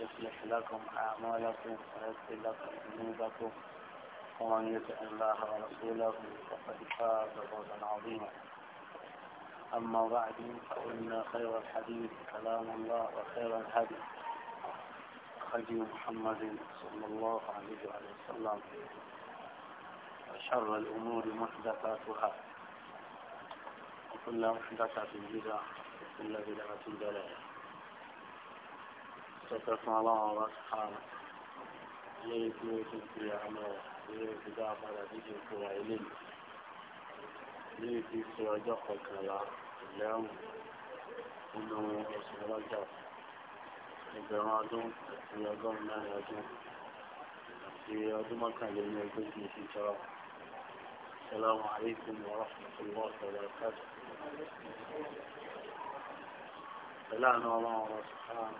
يصلح لكم أعمالكم ويغفر لكم ذنوبكم ومن يطع الله ورسوله فقد فاز فوزا عظيما أما بعد فإن خير الحديث كلام الله وخير الهدي هدي محمد صلى الله عليه وسلم وشر الأمور محدثاتها وكل محدثة بدعة وكل بدعة ضلالة tọ́pẹ́ fún ọlọ́run ọba sàárà lórí tí ó tún fi àmọ́ lórí ti dá padà dídì fún wa ilé mi lórí ti ṣe ọjọ́ kọkànlá ìlẹ́rùn nínú oṣù ọlọ́jà ẹgbẹ̀rún ọdún àti ọgọ́rùn-ún mẹ́rin ọdún àti ọdún mọ́kànlélógún ogójì ìṣèjọba. السلام عليكم ورحمة الله وبركاته. سلام الله سبحانه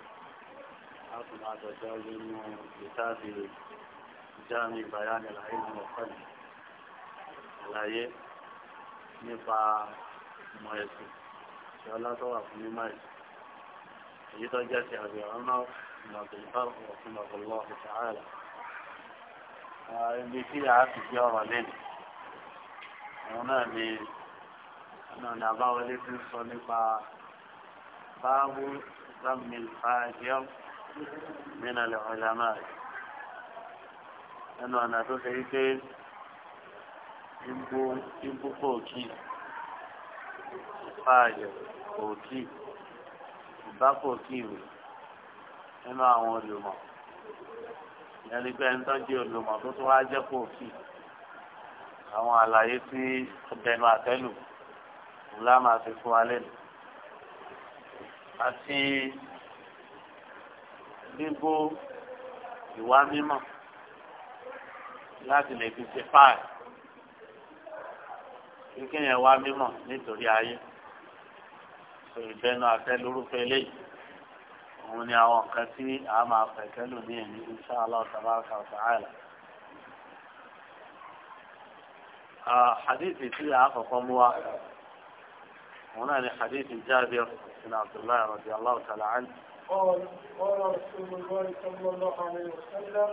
حاكم هذا جاي كتاب جامع بيان العلم والقلب الآية نفع مؤسس إن شاء الله توقف من مؤسس يتجه في أبي عمر بن الفرق رحمه الله تعالى اللي فيها عبد الجارة لنا هنا من أنا نعبا وليس نصنف باب ذم الفاجر من العلماء ẹnu ọ̀nà tó ṣe wípé ibú kò kí fààyè kò kí ìbá kò kí mi nínú àwọn olùmọ̀ ẹni pé ẹni tó jẹ́ olùmọ̀ tó tún wá jẹ́ kò kí àwọn àlàyé tí ọbẹ̀nu àtẹ́lù ńlá máa fi fún wa lẹ́nu àti bíbó ìwà mímọ́ láti lè fi ṣe fáì kíkẹ́ yẹn wá mímọ́ nítorí ayé sọ ìbẹ́nu afẹ́ lórúkọ eléyìí òun ni àwọn nǹkan tí a máa fẹ̀kẹ́ lò ní ẹ̀mí insha Allah tabaraka wa ta'ala. حديث في عقب هو هنا حديث جابر بن عبد الله رضي الله تعالى عنه قال قال رسول الله صلى الله عليه وسلم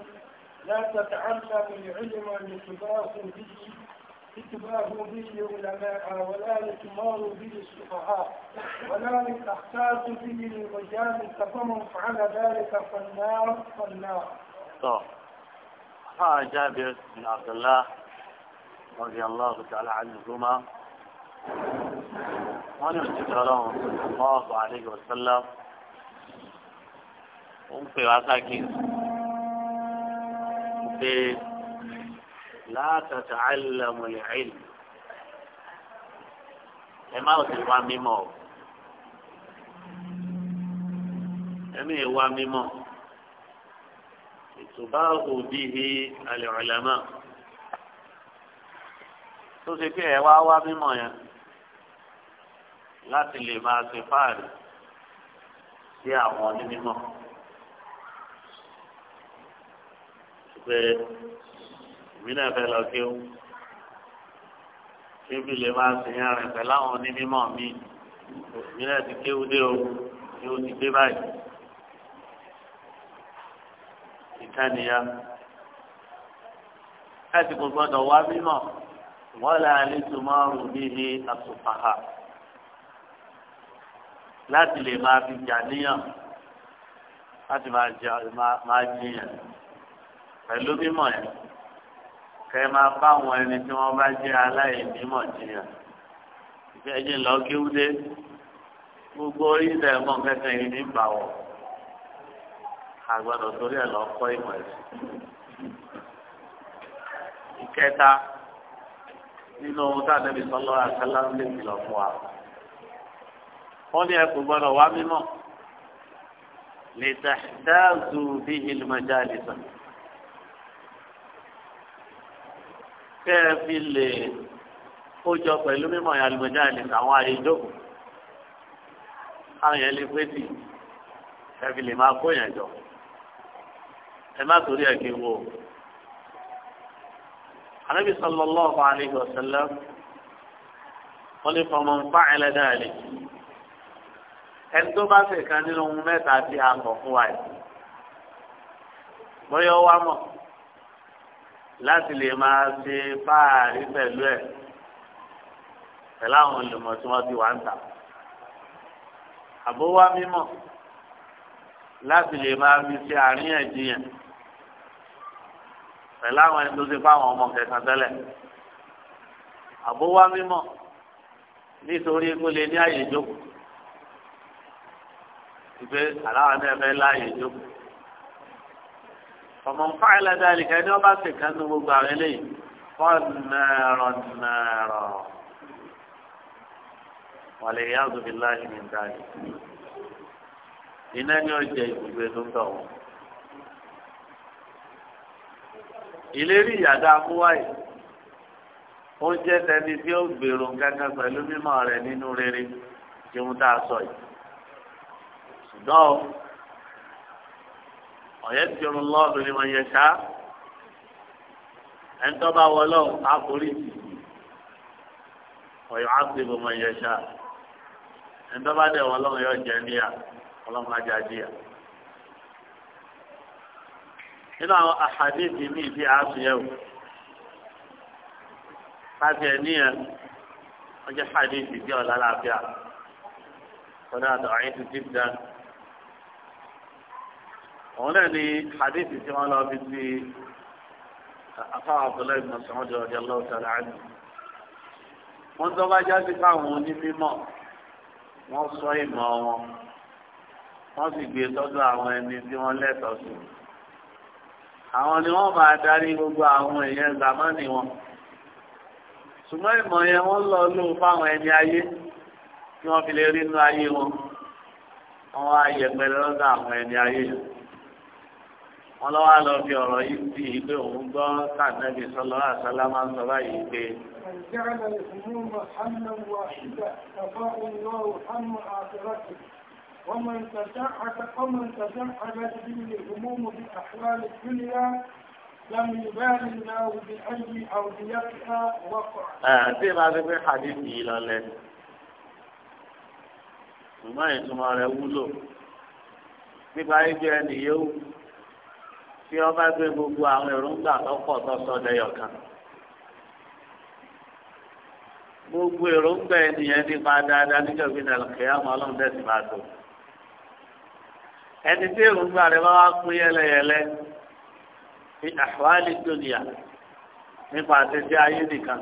لا تتعلم العلم لتباه به لتباه به العلماء ولا لتمار به السفهاء ولا لتحتاج به الرجال فمن فعل ذلك فالنار فالنار. قال طيب. جابر بن عبد الله رضي الله تعالى عنهما وعن اعتذارهم صلى الله عليه وسلم ó ń pè wá sákìsì pé látàtà àìlèmọ̀lẹ̀ àìlè ẹ má sì wá mímọ́ o ẹmí ìwá mímọ́ ìtùbá òbí hi alẹ́ ọ̀lẹ́mọ́ tó ṣe pé ẹ wá wá mímọ́ yẹn láti lè máa ṣe fáàrí sí àwọn onímọ̀. pé èmi náà fẹ́ lọ kí ó kébì lè máa ṣèyàn rìn pẹ̀lú àwọn onímọ̀ mi èmi náà ti kéwú dé o ni ó ti dé báyìí. ìkànnìyà láti kò gbọdọ̀ wá mímọ̀ wọ́n lè àlejò márùn-ún bíi ní àtùpàhà láti lè máa fi jà níyàn láti máa jiyàn pẹ̀lú mímọ̀ yẹn kẹ́ ẹ máa bá àwọn ẹni tí wọ́n bá jẹ́ aláìnímọ̀ jiyàn ìfẹ́jì lọ kéwúdé gbogbo ilẹ̀ ẹ̀mọ́ kẹ́kẹ́ yìí ní ìbàwọ̀ àgbàdo torí ẹ̀ lọ ìmọ̀ ẹ̀sìn. ìkẹta nínú ohun tá a nẹ́bi sọ́lọ́ àkàlà ń lè kìlọ̀ fún wa wọ́n ní ẹ gbọ́dọ̀ wá mímọ̀ lè tẹ̀ dáàzù bí ìlú mọ́jà lè sọ̀rọ̀. kẹ́ ẹ fi lè kójọ pẹ̀lú mímọ̀ ìyá àlùmọ̀já ẹ̀ nìkan àwọn àyè ìjókòó àwọn yẹn lè pé tì ẹ fi lè máa kó yẹn jọ ẹ má torí ẹ kí n wò. Ànábì sallallahu alayhi wa sallam wọ́n lè fọmọ nfa ẹlẹ́dàá rẹ̀ ẹni tó bá fẹ̀ kan nínú mẹ́ta tí a kọ̀ fún wá mọ̀ láti lè máa ṣe fáàrí pẹ̀lú ẹ̀ pẹ̀lú àwọn olùmọ̀ tí wọ́n ti wà ń tà. àbówá mímọ̀ láti lè máa fi ṣe àríyànjiyàn pẹ̀lú àwọn ẹni tó ti fáwọn ọmọ kẹsàn tẹ́lẹ̀. àbówá mímọ̀ nítorí kó lè ní àyè jókòó. ìgbé àláwọn náà fẹ́ láàyè jókòó. فمن فعل ذلك nìkan ni wọ́n bá sì kánú gbogbo àwọn eléyìí fọ́ọ̀nàrọ̀ nàrọ̀ wọ́n lè yá àdúgbò láàyè ní ìdájọ́ iná ni ó jẹ ibùgbé ń tọ̀ tẹni tí ó gbèrò kankan pẹ̀lú mímọ́ rẹ̀ nínú rere tí ó a sọ yìí ṣùgbọ́n ọ̀yẹ́ ti ọ̀run lọ́ọ̀dún ni wọ́n yẹ ṣá ẹ̀ńtọ́ bá wọ lọ́wọ́ àforí ti ọ̀yọ́ àṣìbò wọ́n yẹ ṣá ẹ̀ńtọ́ bá dẹ̀ wọ́n lọ́wọ́ yọ jẹ́ níyà ọlọ́run má jà díyà. nínú àwọn àhàdíìsì míì tí a káfíẹ̀ níyà wọ́n jẹ́ àhàdíìsì tí ọ̀lá láàfíà kọ́dà àtọ̀ àyẹ̀tì òun náà ni hadithi tí wọ́n lọ fi ti afáwọn abdullahi bin Mas'ud radiyallahu ta'ala anhu wọ́n tó bá jáde fáwọn onímọ̀ wọ́n sọ ìmọ̀ wọn wọ́n sì gbé tọ́jú àwọn ẹni tí wọ́n lẹ́tọ̀ọ́ sí àwọn ni wọ́n máa darí gbogbo àwọn èèyàn zamani wọn ṣùgbọ́n ìmọ̀ yẹn wọ́n lọ lóò fáwọn ẹni ayé tí wọ́n fi lè rí inú ayé wọn wọ́n á yẹpẹrẹ lọ́dọ̀ àwọn ẹni ayé yẹn wọn lọ wá lọ fi ọ̀rọ̀ yìí sí i pé òun gbọ́ sànẹbí sọlọ àṣálá máa ń sọ báyìí pé. ومن تسعد ومن تسعدت به الهموم بأحوال الدنيا لم يبال الله بأي ṣùgbọ́n ìtumọ̀ rẹ̀ wúlò nípa ẹgbẹ́ ẹni yóò tí wọ́n bá gbé gbogbo àwọn èròǹgbà tọ́pọ̀ tọ́sọ́ lẹ́yọ̀ kan. gbogbo èròǹgbà ènìyàn nípa dáadáa níjọ́ bí nàìjíríà àwọn máa tó. ẹni tí èròǹgbà rẹ̀ bá wá pín yẹlẹyẹlẹ àwálì nípa ayé nìkan.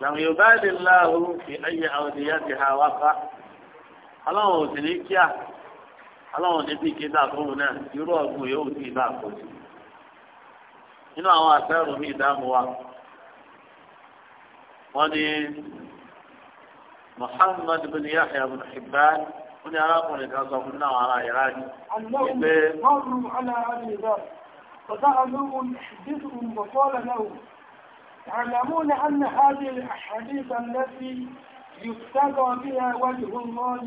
làwọn yorùbá láàrú fi ayé àwọn ènìyàn ti ha wá fa. ò sì ní kíá aláwọn níbi ìkéta fóun náà irú ọ̀gbìn yóò ti bá àkóso nínú àwọn àṣẹrù mi ìdáàmú wa wọn ni Muhammad bin Yahya bin Hibban wọn ni arákùnrin kan sọ fún náà ara ìrá ni. ìgbé mọ́rù يعلمون أن هذه الأحاديث التي يفتقى بها وجه الله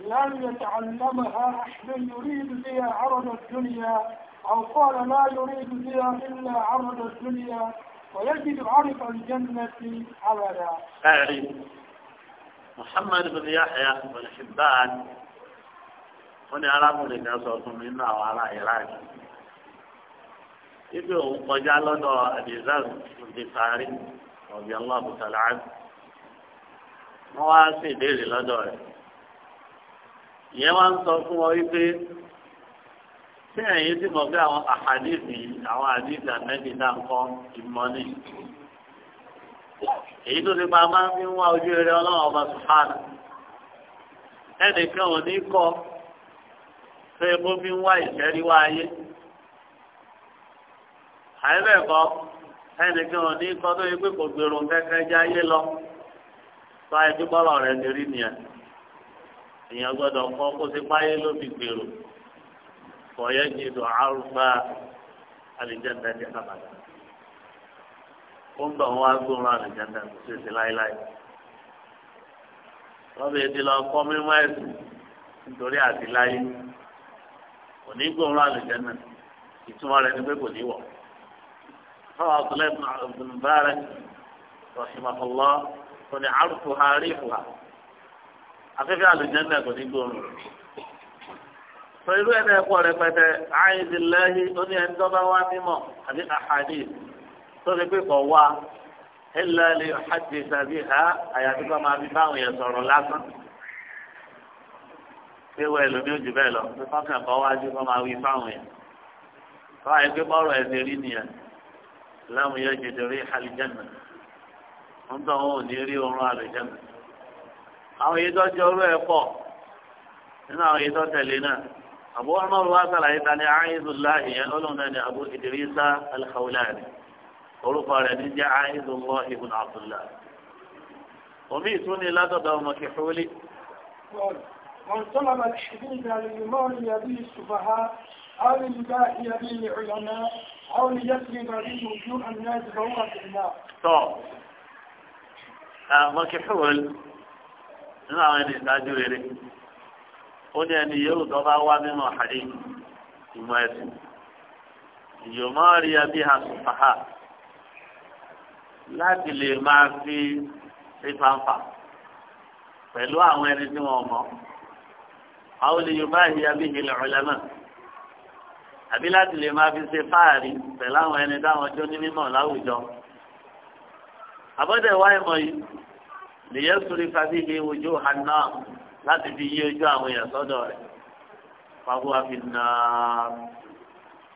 لأن يتعلمها من يريد بها عرض الدنيا أو قال لا يريد بها إلا عرض الدنيا ويجد عرض الجنة عبدا أعرف محمد بن يحيى بن حبان wọ́n ní arákùnrin kan sọ fún mi nínú àwọn ará iraq ibi òun kọjá lọ́dọ̀ adizaz ndifari ọ̀bí aláàbùtàlá wọ́n wá sí ìbéèrè lọ́dọ̀ rẹ̀ ìyẹn wá ń sọ fún ọ wípé tí ẹ̀yin ti mọ̀ pé àwọn àhàdìsì àwọn àdìsì àmẹ́bí náà ń èyí tó ti máa máa ń fi wá ojú rere ọlọ́run ọba sùhánà ẹnìkan ò ní kọ́ pé bó fi ń wá ìṣẹ́rí ayé àìbẹ̀kọ́ ẹnìkan ò ní kọ́ tó yẹ pé kò gbèrò kẹ́kẹ́ jáyé lọ sọ ẹbí rẹ̀ ti rí nìyẹn. èèyàn gbọdọ kọ́ kó ti páyé lóbi gbèrò fọyẹ́ ní ìlú arúgbá alìjẹ́ńdà ní àbàdà ó ń bọ̀ wọ́n á gbóòórùn alìjẹ́ńdà kò láéláé lọ́bẹ̀ lọ kọ́ mímọ́ ẹ̀sìn nítorí àti láyé kò ní ìtumọ̀ rẹ̀ ni pé kò ní wọ̀ ha rí afẹ́fẹ́ àlùjẹ́ńdà kò ní gbòòrò sọ irú ẹ̀ náà pọ̀ rẹpẹtẹ àìdìlẹ́hì ó ní ẹni tó bá wá mímọ̀ àbí àhàdì tó fi pé kọ̀ wá ẹ̀là lè hàjì tàbí ha àyàfi kọ́ máa fi báwọn yẹn sọ̀rọ̀ lásán pé wọ́n ẹlòmí ò jù bẹ́ẹ̀ lọ pé fọ́nkàn kọ́ wájú kọ́ máa wí fáwọn yẹn kọ́ àyè pé bọ́ọ̀rọ̀ ẹ̀sẹ̀ rí nìyẹn láwọn yẹn jẹjẹrẹ àlùjẹ́ńdà rí àlùjẹ́ńdà àwọn yìí tó jẹ́ orú ẹ̀ pọ̀ nínú àwọn yìí tó tẹ̀lé náà àbú ọmọrù wa sàlàyé ta ni àìsùlá ìyẹn olóhùn náà ni àbú ìdírísà alkhawlani orúkọ rẹ̀ ní jẹ́ àìsùlọ́ ibùn abdullah omi ìtúni látọ̀dọ̀ ọmọ kìfúlì. من طلب الحديث للإمام يبي السفهاء أو يبي العلماء أو ليسلب به وجوه الناس فهو في النار. طب. nínú àwọn ẹni ìdájú rere ó ní ẹni yóò tó bá wá mímọ̀ àdé ìmọ̀ ẹ̀sìn ìyòmọ́ rí ẹbí àsùnfàhà láti lè máa fi fífàǹfà pẹ̀lú àwọn ẹni tí wọ́n mọ̀ àwọn rí àbí láti lè máa fi ṣe fáàrí pẹ̀lú àwọn ẹni táwọn ní mímọ̀ láwùjọ àbọ̀dẹ̀ yìí. lèyẹ sori fàbí ní ojú hànà láti fi yí ojú àwọn èèyàn sọ́dọ̀ rẹ̀ fàbú àfi nà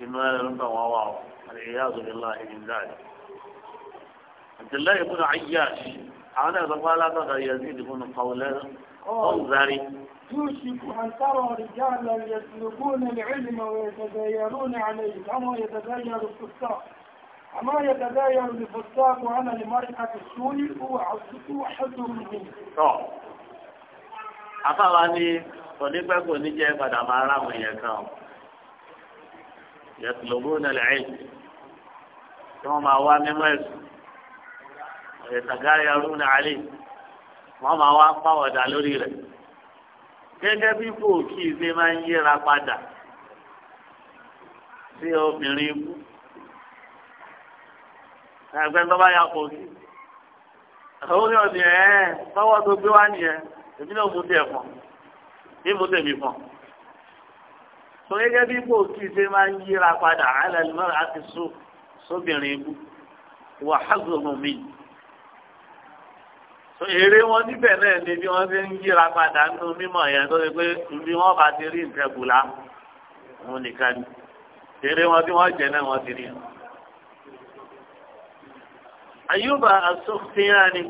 inú ẹ̀rọ ń bọ̀ wọ́n wà ó àlèyé àzọ̀bílà ìdíjáde. Abdullahi ibùdó ayyash àwọn náà sọ́kọ́ alátọ̀dọ̀ yazid ibùdó kọ́wulẹ́ ọ̀nzari. يوشك أن ترى رجالا يسلكون العلم ويتزايرون عليه كما يتزاير الكفار ما يتداين الفساق وعمل مرحة السوء هو حد منه afáwa ní onígbàgbọ́ oníjẹ́ padà máa ráwọn èèyàn kan ọ́ yẹtùlógún nílẹ̀ ẹ̀yìn tí wọ́n máa wá mímọ́ ẹ̀sùn ọ̀yẹ̀tàgáyà rúnà àlè wọ́n máa wá pàwọ̀dà lórí rẹ̀ gẹ́gẹ́ bí fòkì ṣe máa ń yíra padà sí obìnrin ikú ẹgbẹ́ tó bá yà kó sí àwọn oní ọ̀dì ẹ̀ tọwọ́ tó gbé wá nìyẹn èmi náà mú tiẹ̀ fọ̀ ní mú tèmi fọ̀ tó gẹ́gẹ́ bí ipò kí ṣe máa ń yíra padà alẹ́lùmọ́rẹ́ àti sọ sóbìnrin ibú wà hàzùmù mi tó èrè wọn níbẹ̀ náà ni bí wọ́n ṣe ń yíra padà nínú mímọ̀ yẹn tó ṣe pé ibi wọ́n bá ti rí nǹkan bùlá òun nìkan ni èrè wọn tí wọ́n jẹ náà wọ́n ti rí yẹn ayuba asọ́fíàní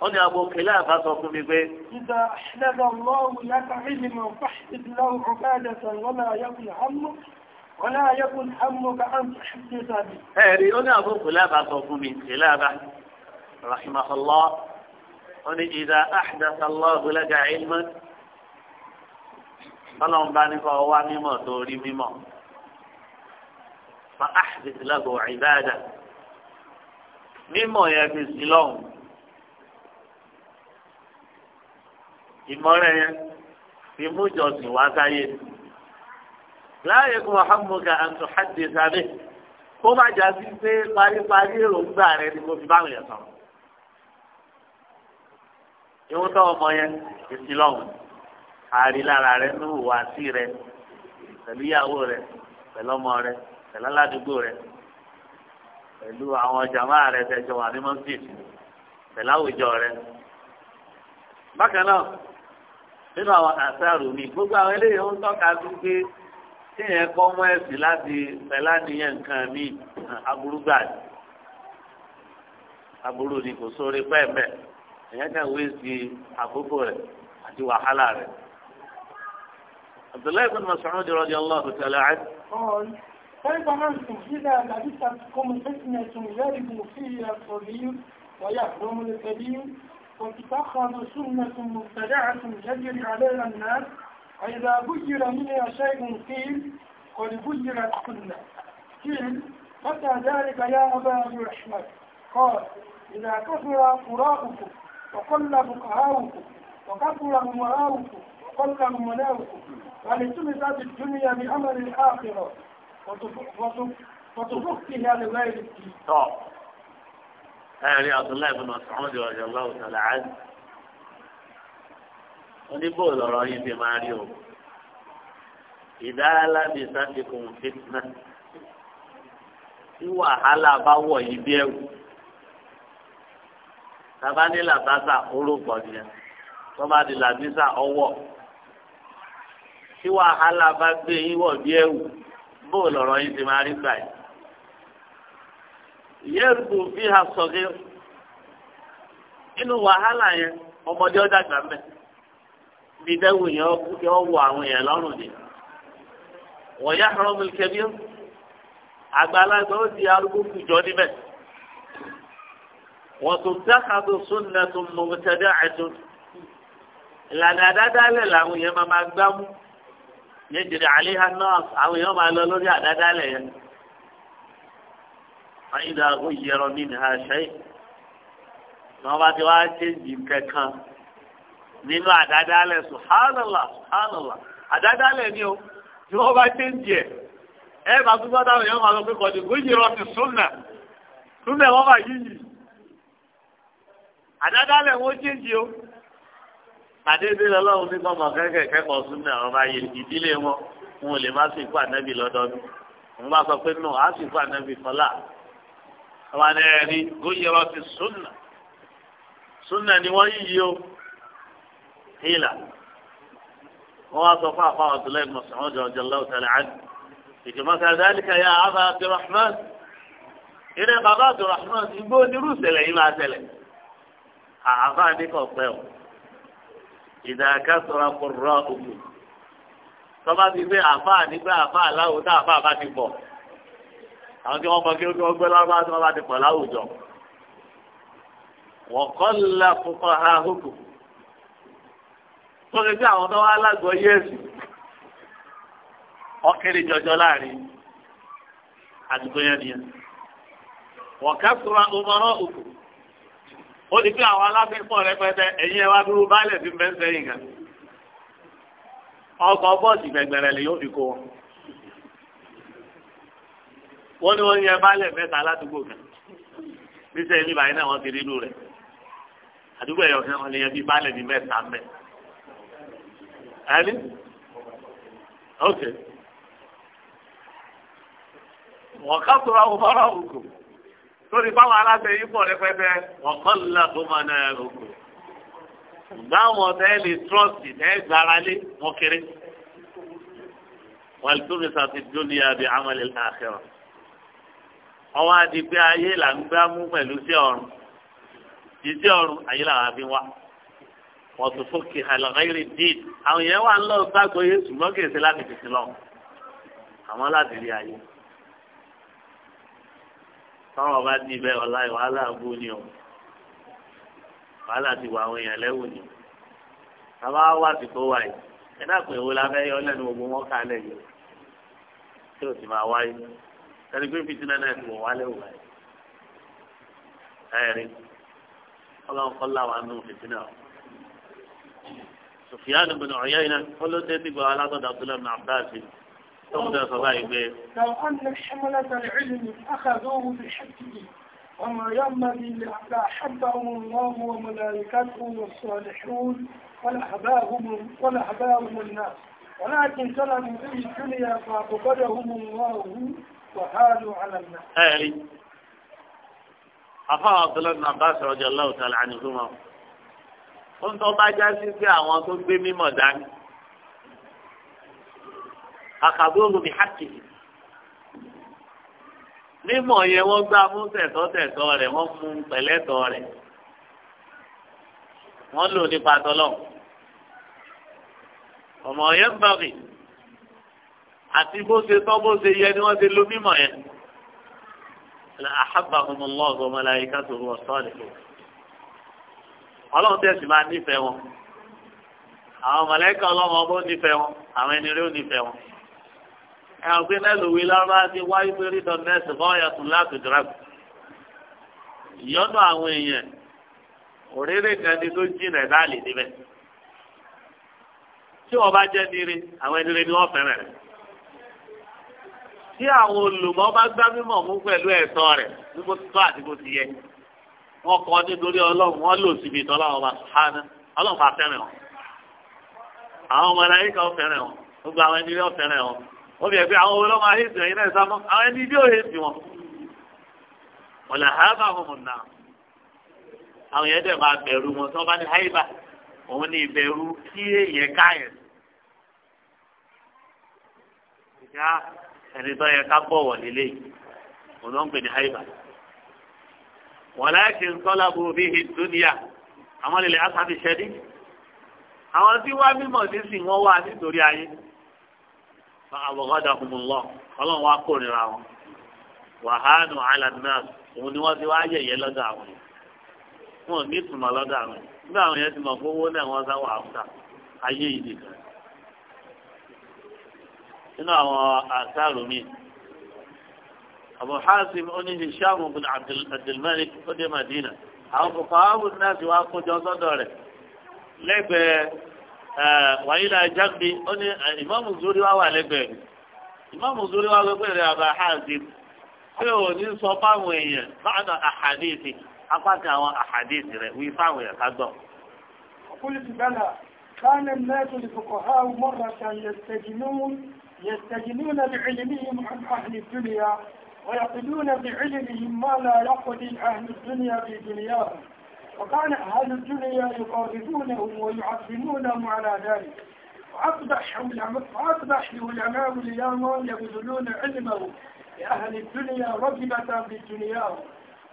ó ní abo kìlá àbá sọ fún mi pé. ìdá àṣìlẹ́dà lọ́wọ́ yàtọ̀ ìlú mọ̀ fàṣìlẹ́wọ̀ ọ̀gáàdà sọ̀rọ̀lá yàkùn àmú wọ́n náà yàkùn àmú ká àn ṣe sábì. ẹ̀rí ó ní abo kìlá àbá fún mi kìlá àbá rahimahullah ó ní ìdá àṣìlẹ́dà lọ́wọ́ lẹ́gà ìlmọ̀ ọlọ́run bá ní kọ́ wá mímọ̀ tó rí mímọ̀ fa àṣìlẹ́dà ìbáàdà mímọ̀ yẹn fi sí lọ́hùn ìmọ̀ràn yẹn fi mú jọ̀sìn wá sáyé láàyè kó muhammadka àǹtò hajj sábẹ́ kó má jà sí pé paríparí èròǹgbà rẹ ni mo fi báwọn yẹn sọ̀rọ̀ ìwọ́n tó ọmọ yẹn èsì lọ́hùn àárí lára rẹ ní ìhùwàsí rẹ pẹ̀lú ìyàwó rẹ pẹ̀lú ọmọ rẹ pẹ̀lú aládùúgbò rẹ pẹ̀lú àwọn jàmá rẹ tẹ̀jọ wà ní mọ́sídìí pẹ̀lú àwùjọ rẹ. bákan náà nínú àwọn àṣàrò mi gbogbo àwọn eléyìí ń tọ́ka sí pé kéèyàn kọ́ mọ́ ẹ̀sìn láti pẹ̀lá nìyẹn nǹkan mi aburú gbà aburú ni kò sóore pẹ́ẹ́mẹ́ èèyàn kan wé sí àkókò rẹ̀ àti wàhálà rẹ̀. Abdullahi bin Mas'ud radiyallahu ta'ala anhu. كيف أنتم إذا لبستكم فتنة يرد فيها الصغير ويحرم الكبير وتتخذ سنة مبتدعة يجري عليها الناس وإذا بجر منها شيء قيل قد بجرت سنة قيل متى ذلك يا أبا أبي أحمد قال إذا كثر قراؤكم وقل فقهاؤكم وكثر أمراؤكم وقل أمناؤكم ولتمتت الدنيا بأمر الآخرة tọ́ ẹ̀rí abdullahi bin masoud ọ̀jọ̀ lọ́wọ́ sọ̀lá àdì oníbò lọ́rọ̀ yìí ti máa rí o ìdá alábìsá ti fitna tí wàhálà bá wọ̀ yìí bí ẹ̀wù tàbá ní orúkọ nìyẹn tó bá di ọwọ́ tí wàhálà bá gbé yín bí ẹ̀wù bó lọ̀rọ̀ yìí ti máa rí gbà yìí. yẹ́rù fi hà sọ̀gẹ́ inú wàhálà yẹn ọmọdé ọjà gbà mẹ́ bí dẹ́wù yẹn yọ wọ àwọn yẹn lọ́rùn ni. wọ́n yá ọ̀rọ̀mù kẹ́bí àgbàlagbà ó di arúgbó kùjọ níbẹ̀. wọ́n tún dákàtò sunnatun mubtada'atun ìlànà àdádálẹ̀ làwọn yẹn máa máa gbámú. yéjìrì àléhà náà àwọn èèyàn máa lọ lórí àdádálẹ̀ yẹn wọ́n yìí dáa ó yẹrọ mí nìha wọ́n bá ti wá kankan nínú àdádálẹ̀ subhanallah subhanallah ni o tí wọ́n bá ṣéǹjì ẹ̀ ẹ bá tún gbọ́dọ̀ àwọn èèyàn máa lọ pé kọ́ni ó yẹrọ ti wọ́n bá wọ́n o. àdéhùn lọ́lọ́run ní kọ́mọ kẹ́kẹ̀kẹ́ kan sún ní àwọn ọba yìí ìdílé wọn wọn ò lè má sìnkú ànábì lọ́dọọdún wọn bá sọ pé nù á sìnkú ànábì kọ́lá àwọn ẹ̀rí góyè wa fi súnà súnà ni wọ́n yíyí o hílà wọ́n wá sọ fún àpá ọ̀dọ́lá ìmọ̀ sọ̀rọ̀ jọjọ lọ́wọ́ tẹ̀lé àdì ìjọba sàdá yà ábà abdulrahman ìrẹ́ bàbá abdulrahman igbó onírú yìí máa ṣẹlẹ̀ àbá ní kò pẹ́ o ìdàkà sọ̀rọ̀ kọ̀rọ̀ òkú tọ́ba ti gbé àfáà nígbà àfáà láwùjọ àfáà bá ti pọ̀ àwọn tí wọ́n mọ kí wọ́n gbé lọ́wọ́ bá tí wọ́n bá ti pọ̀ láwùjọ. wọ́n kọ́ la púpọ̀ ha hókù tó ṣe bí àwọn tó wá lágọ̀ọ́ yéésù ọkẹ́rì jọjọ láàrin àdúgbò yẹn nìyẹn wọ́n ká ọmọ náà òkú ó ti pé àwọn aláfẹ́fọ́ rẹpẹtẹ ẹ̀yin ẹ wá dúró báyìí ti fẹ́ sẹ́yìn kan ọkọ̀ bọ́ọ̀sì gbẹ̀gbẹ̀rẹ̀ lè yóò fi kó wọn. wọ́n ní wọ́n yẹ báyìí mẹ́ta aládùúgbò kan níṣẹ́ ilé ìbàyẹn náà wọ́n ti rí inú rẹ̀ àdúgbò ẹ̀yọ̀ kan wọ́n lè yẹ bí báyìí ní mẹ́ta mẹ́. ẹni ok wọ́n ká sọ̀rọ̀ àwọn ọmọ aráàlú kò lórí báwọn aláṣẹ yìí pọ̀ rẹpẹtẹ ọ̀kan ńlá tó máa náà rògbò báwọn tẹ́lẹ̀ trọ́ọ̀sì tẹ́ẹ̀ gbára lé wọn kéré wọn tó fi sàti dúnìyà bí amẹ́lẹ̀ àṣẹwọ̀ ọwọ́ adi pé ayé là ń gbá mú pẹ̀lú sí ọ̀run iṣẹ́ ọ̀run ayé làwọn àbí wá wọ́n tún fókè àlọ́gáyèrè díì àwọn yẹn wà ń lọ sáàgbọ́ yẹn ṣùgbọ́n kì í ṣe láti fi sí lọ àwọn láti rí ayé táwọn ọba ní ibẹ̀ ọ̀la wàhálà gbó ni o wàhálà ti wà àwọn èèyàn lẹ́wù ni bàbá wà sí tó wà yìí ẹ dàpọ̀ èwo la fẹ́ yọ lẹ́nu gbogbo wọn kà lẹ̀ yìí tí o sì máa wáyé ẹni pé fìtínà náà ti wọ̀ wálé wà yìí ẹ̀rí ọlọ́run kọ́ làwọn nù fìtínà o. Sufyan ibn Uyayna kọ́lọ́tẹ́ ti gba alátọ̀dọ̀ Abdullahi ibn Abbas yìí. Tọ́kùtà sọ báyìí pé. Lọ́wọ́ ọ̀nà ṣẹ́mọ́lẹ́ta ìlú àkàdóhù bí ṣẹ́kìlì, ọmọ yọ́mọ bí lè àṣàbà ohun lọ́wọ́ ọmọ làríkàtù sọ̀lẹ̀ṣún wọ́n àbáhùn náà. Wọ́n á kí n tọ́lá mú sí ìtúnìyà fàbọ̀gọ́dọ̀ ohun lọ́wọ́ wàhálù alàmà. Ẹ̀rí. Afá Abdullahi bin Abbas radiyallahu ta'ala anhuma. Ó ń tọ́ bá já sí sí àwọn tó gbé mímọ̀ dání àkàdúró bí hákì mímọ̀ yẹn wọ́n gbá mú tẹ̀tọ́tẹ̀tọ́ rẹ̀ wọ́n mú pẹ̀lẹ́tọ́ rẹ̀ wọ́n lò nípa tọ́lọ̀ ọmọ yẹn bàbí àti bó ṣe tọ́ bó ṣe yẹ ni wọ́n ṣe lo mímọ̀ yẹn ahabahumullahu wa malaikatuhu wa salihu ọlọ́run tẹ̀sí máa nífẹ̀ẹ́ wọn àwọn mọ̀lẹ́kà ọlọ́run ọbọ̀ nífẹ̀ẹ́ wọn àwọn ẹni rẹ̀ ó nífẹ̀ẹ́ wọn. ẹ̀rọ̀gbé mẹ́lòwé lọ́rọ́ á ti wáyé pé rídọ̀ nẹ́ẹ̀sì fún ọ̀yàtún láti dìrámù. ìyọ́nú àwọn èèyàn òréré kan ni tó jìnà ẹ̀ bá níbẹ̀. tí wọ́n bá jẹ́ nire àwọn ẹnire ni wọ́n fẹ́ràn rẹ̀. tí àwọn olùmọ̀ bá gbá mímọ̀ mú pẹ̀lú ẹ̀tọ́ rẹ̀ bí kò tó àti kò ti yẹ. wọ́n kọ́ nítorí ọlọ́run wọ́n lò síbi wọ́n bí ẹgbẹ́ àwọn olóma ahésì ẹ̀yin náà sábọ́ àwọn ẹni bí òhèsì wọn ọ̀là hábà hùmù náà àwọn yẹn dẹ̀ máa bẹ̀rù wọn tí wọ́n bá ní háìbà òun ní ìbẹ̀rù kí èèyàn káyẹ̀ ìyá ẹni tó yẹ ká bọ̀wọ̀ nílé òun náà ń pè ní háìbà wọ́n láti ń tọ́lá bu bí ìdúnìyà àwọn ilẹ̀ asáfi ṣẹ́dí àwọn tí wọ́n mímọ̀ nísìnyí wọ́n wà nítorí ayé fa àwọ̀gọ́dà kùmùlọ́ ọlọ́run wá kórìíra wọn wàhánù alannas òun ni wọ́n ti wá yẹ̀yẹ́ lọ́dọ̀ àwọn yìí wọn ò ní ìtumọ̀ lọ́dọ̀ àwọn yìí nígbà àwọn yẹn ti mọ̀ pé owó náà wọ́n sáwọ́ àwùjá ayé yìí nìkan nínú àwọn àṣàrò míì Abu Hasim oní Hisham bin Abdulmalik ó dé Madina àwọn kòkòrò àwọn náà ti wá kójọ sọ́dọ̀ rẹ̀ lẹ́gbẹ̀ẹ́ wàyí la jáde ó ní ìmáàmù zórí wá wà lẹ́gbẹ̀ẹ́ mi ìmáàmù zórí wá wẹ́ pẹ̀lú àbá hazim pé ò ní sọ fáwọn èèyàn báwọn àhàdìsì apá kan àwọn àhàdìsì rẹ̀ wí fáwọn èèyàn ká ọkùnrin ti bẹ́ẹ̀ كان الناس الفقهاء مرة يستجنون يستجنون بعلمهم عن أهل الدنيا ويقضون بعلمهم ما لا يقضي أهل الدنيا في دنياهم وكان أهل الدنيا يقاربونه ويعظمونه على ذلك وأصبح العلماء اليوم يبذلون علمه لأهل الدنيا رغبة بدنياهم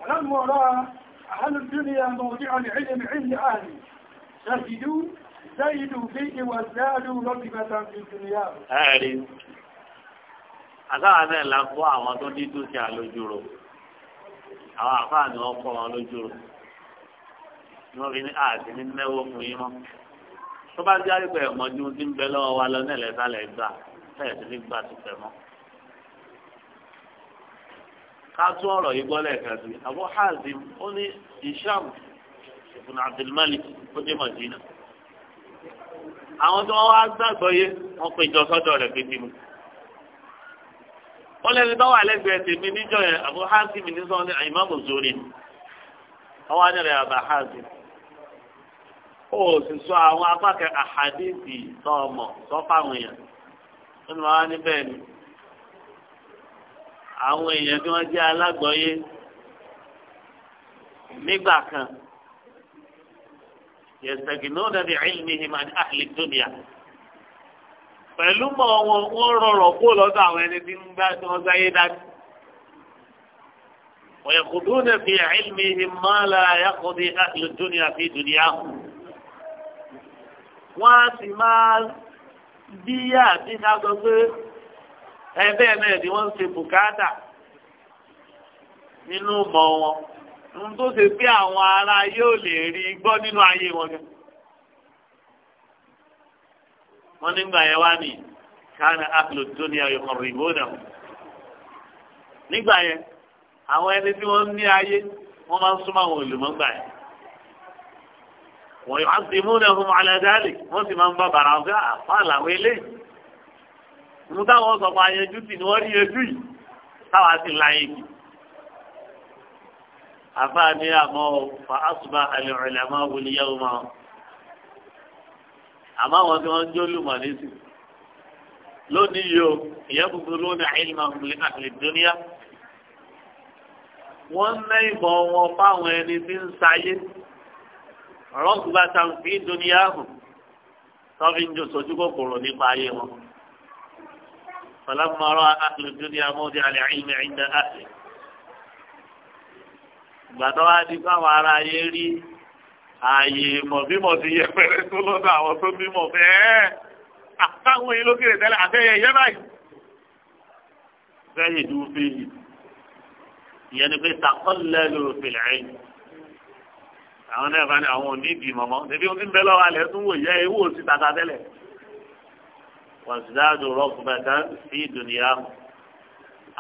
ولما رأى أهل الدنيا موضع العلم عند أهله شهدوا زيدوا فيه وزادوا رغبة بدنياهم أعلم àtàwọn ẹ̀ la kó àwọn tó dídú sí àlójúrò àwọn àfáà ni wọ́n kọ́ wọn ni wọ́n fi ní àti ah, ní mẹ́wọ́ fún yín mọ́ tó bá jáde pé ẹ̀mọ́jú ti ń bẹ lọ́wọ́ wa lọ nílẹ̀ sálẹ̀ gbà bẹ́ẹ̀ sì ní gbà ti tẹ̀ mọ́. ká tún ọ̀rọ̀ yìí gbọ́ lẹ́ẹ̀kan sí Abu Hazim ó ní Hisham ibn Abdulmalik ó dé Madina àwọn tó wá gbàgbọ́ yé wọ́n pe ìjọ sọ́dọ̀ rẹ̀ pé bímú. wọ́n lẹ́ni tó wà lẹ́gbẹ̀ẹ́ tèmi ó sì sọ àwọn apákẹ àhàdìsì sọmọ sọfáwọn èèyàn ó ní wàá níbẹ̀ ni àwọn èèyàn tí wọ́n jẹ́ alágbọ̀ọ́yé nígbà kan yẹsẹ̀gìnà bi ilmihim an ahli dunya pẹ̀lú mọ̀ wọn wọ́n rọrọ̀ kó lọ́dọ̀ àwọn ẹni tí ń bá tí wọ́n sáyé dájú. ويأخذون في علمهم ما لا يقضي أهل الدنيا في دنياهم wọ́n á sì máa bíyà bí ká sọ pé ẹbẹ́ náà ni wọ́n ń ṣe bùkátà nínú mọ̀ wọn ohun tó ṣe pé àwọn ará yóò lè rí gbọ́ nínú ayé wọn gan. wọ́n nígbà yẹn wá ní kánà áfìlò tó ní ayọ̀ kan náà. nígbà yẹn àwọn ẹni wọ́n ní ayé wọ́n máa ń súnmọ́ àwọn wọ́n yóò ti mú náà fún alẹ́dáàlì wọ́n sì máa ń bá bàrà ọ̀gá àfáàlà àwọn eléyìí. mo táwọn sọ fún ayanjú tì ní wọ́n rí yanjú yìí táwa sì la yìí. àfáà ní àmọ́ fa àsùbà àlẹ́ ọ̀rẹ́lẹ̀ àmọ́ wòlíì yẹ́wò máa. àmọ́ àwọn tí wọ́n ń jó lùmọ̀ nísì. lónìí yìí o ìyẹn gbogbo lónìí àìlùmọ̀ àkùlẹ̀ dúníyà. wọ́n ń rọ́ọ̀kù bá ta fi dúníyà hù tọ́fi ń jò sojú nípa ayé wọn. فلما رأى أهل الدنيا موضع العلم عند أهله gbàtọ́ wá di fáwọn ará ayé rí ààyè ìmọ̀ bímọ ti yẹ pẹ̀lẹ́ tó lọ́dọ̀ àwọn tó bímọ bẹ́ẹ̀ àtàwọn yìí lókèrè tẹ́lẹ̀ àtẹ̀yẹ yẹ báyìí. fẹ́yìn ìdúró fẹ́yìn ìyẹn ni pé takọ́lẹ́ ló fìlẹ̀ ẹ̀yìn àwọn náà bá ní àwọn òní ìdì mọ̀mọ́ níbi ohun tí ń bẹ lọ́wọ́ alẹ́ tún wò yẹ ewu òsì tata tẹ́lẹ̀ wọ̀sídáàdù rọ́ọ̀kù bàtà sí ìdùnnìyà mu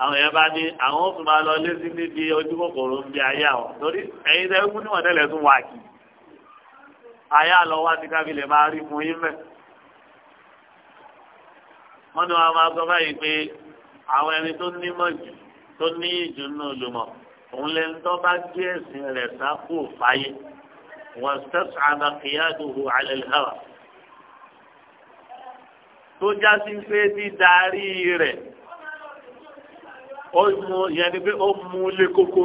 àwọn yẹn bá ní àwọn ó tún máa lọ lé sí níbi ojú kòkòrò ń bí ayé àwọn torí ẹ̀yin tẹ́ wú níwọ̀n tẹ́lẹ̀ tún wà kì í ayé àlọ́ wá sí kábílẹ̀ máa rí fún yín mẹ́ wọ́n ní wọn máa sọ báyìí pé àwọn ẹni tó nímọ̀ jù tó ní ìjùnú lùmọ̀ òun lẹ́ni tó bá gbé ẹ̀sìn rẹ̀ sáfù fáyé. واستصعب قياده على الهوى tó já sí pé dídarí rẹ̀ ó mú yẹni pé ó mú lé kókó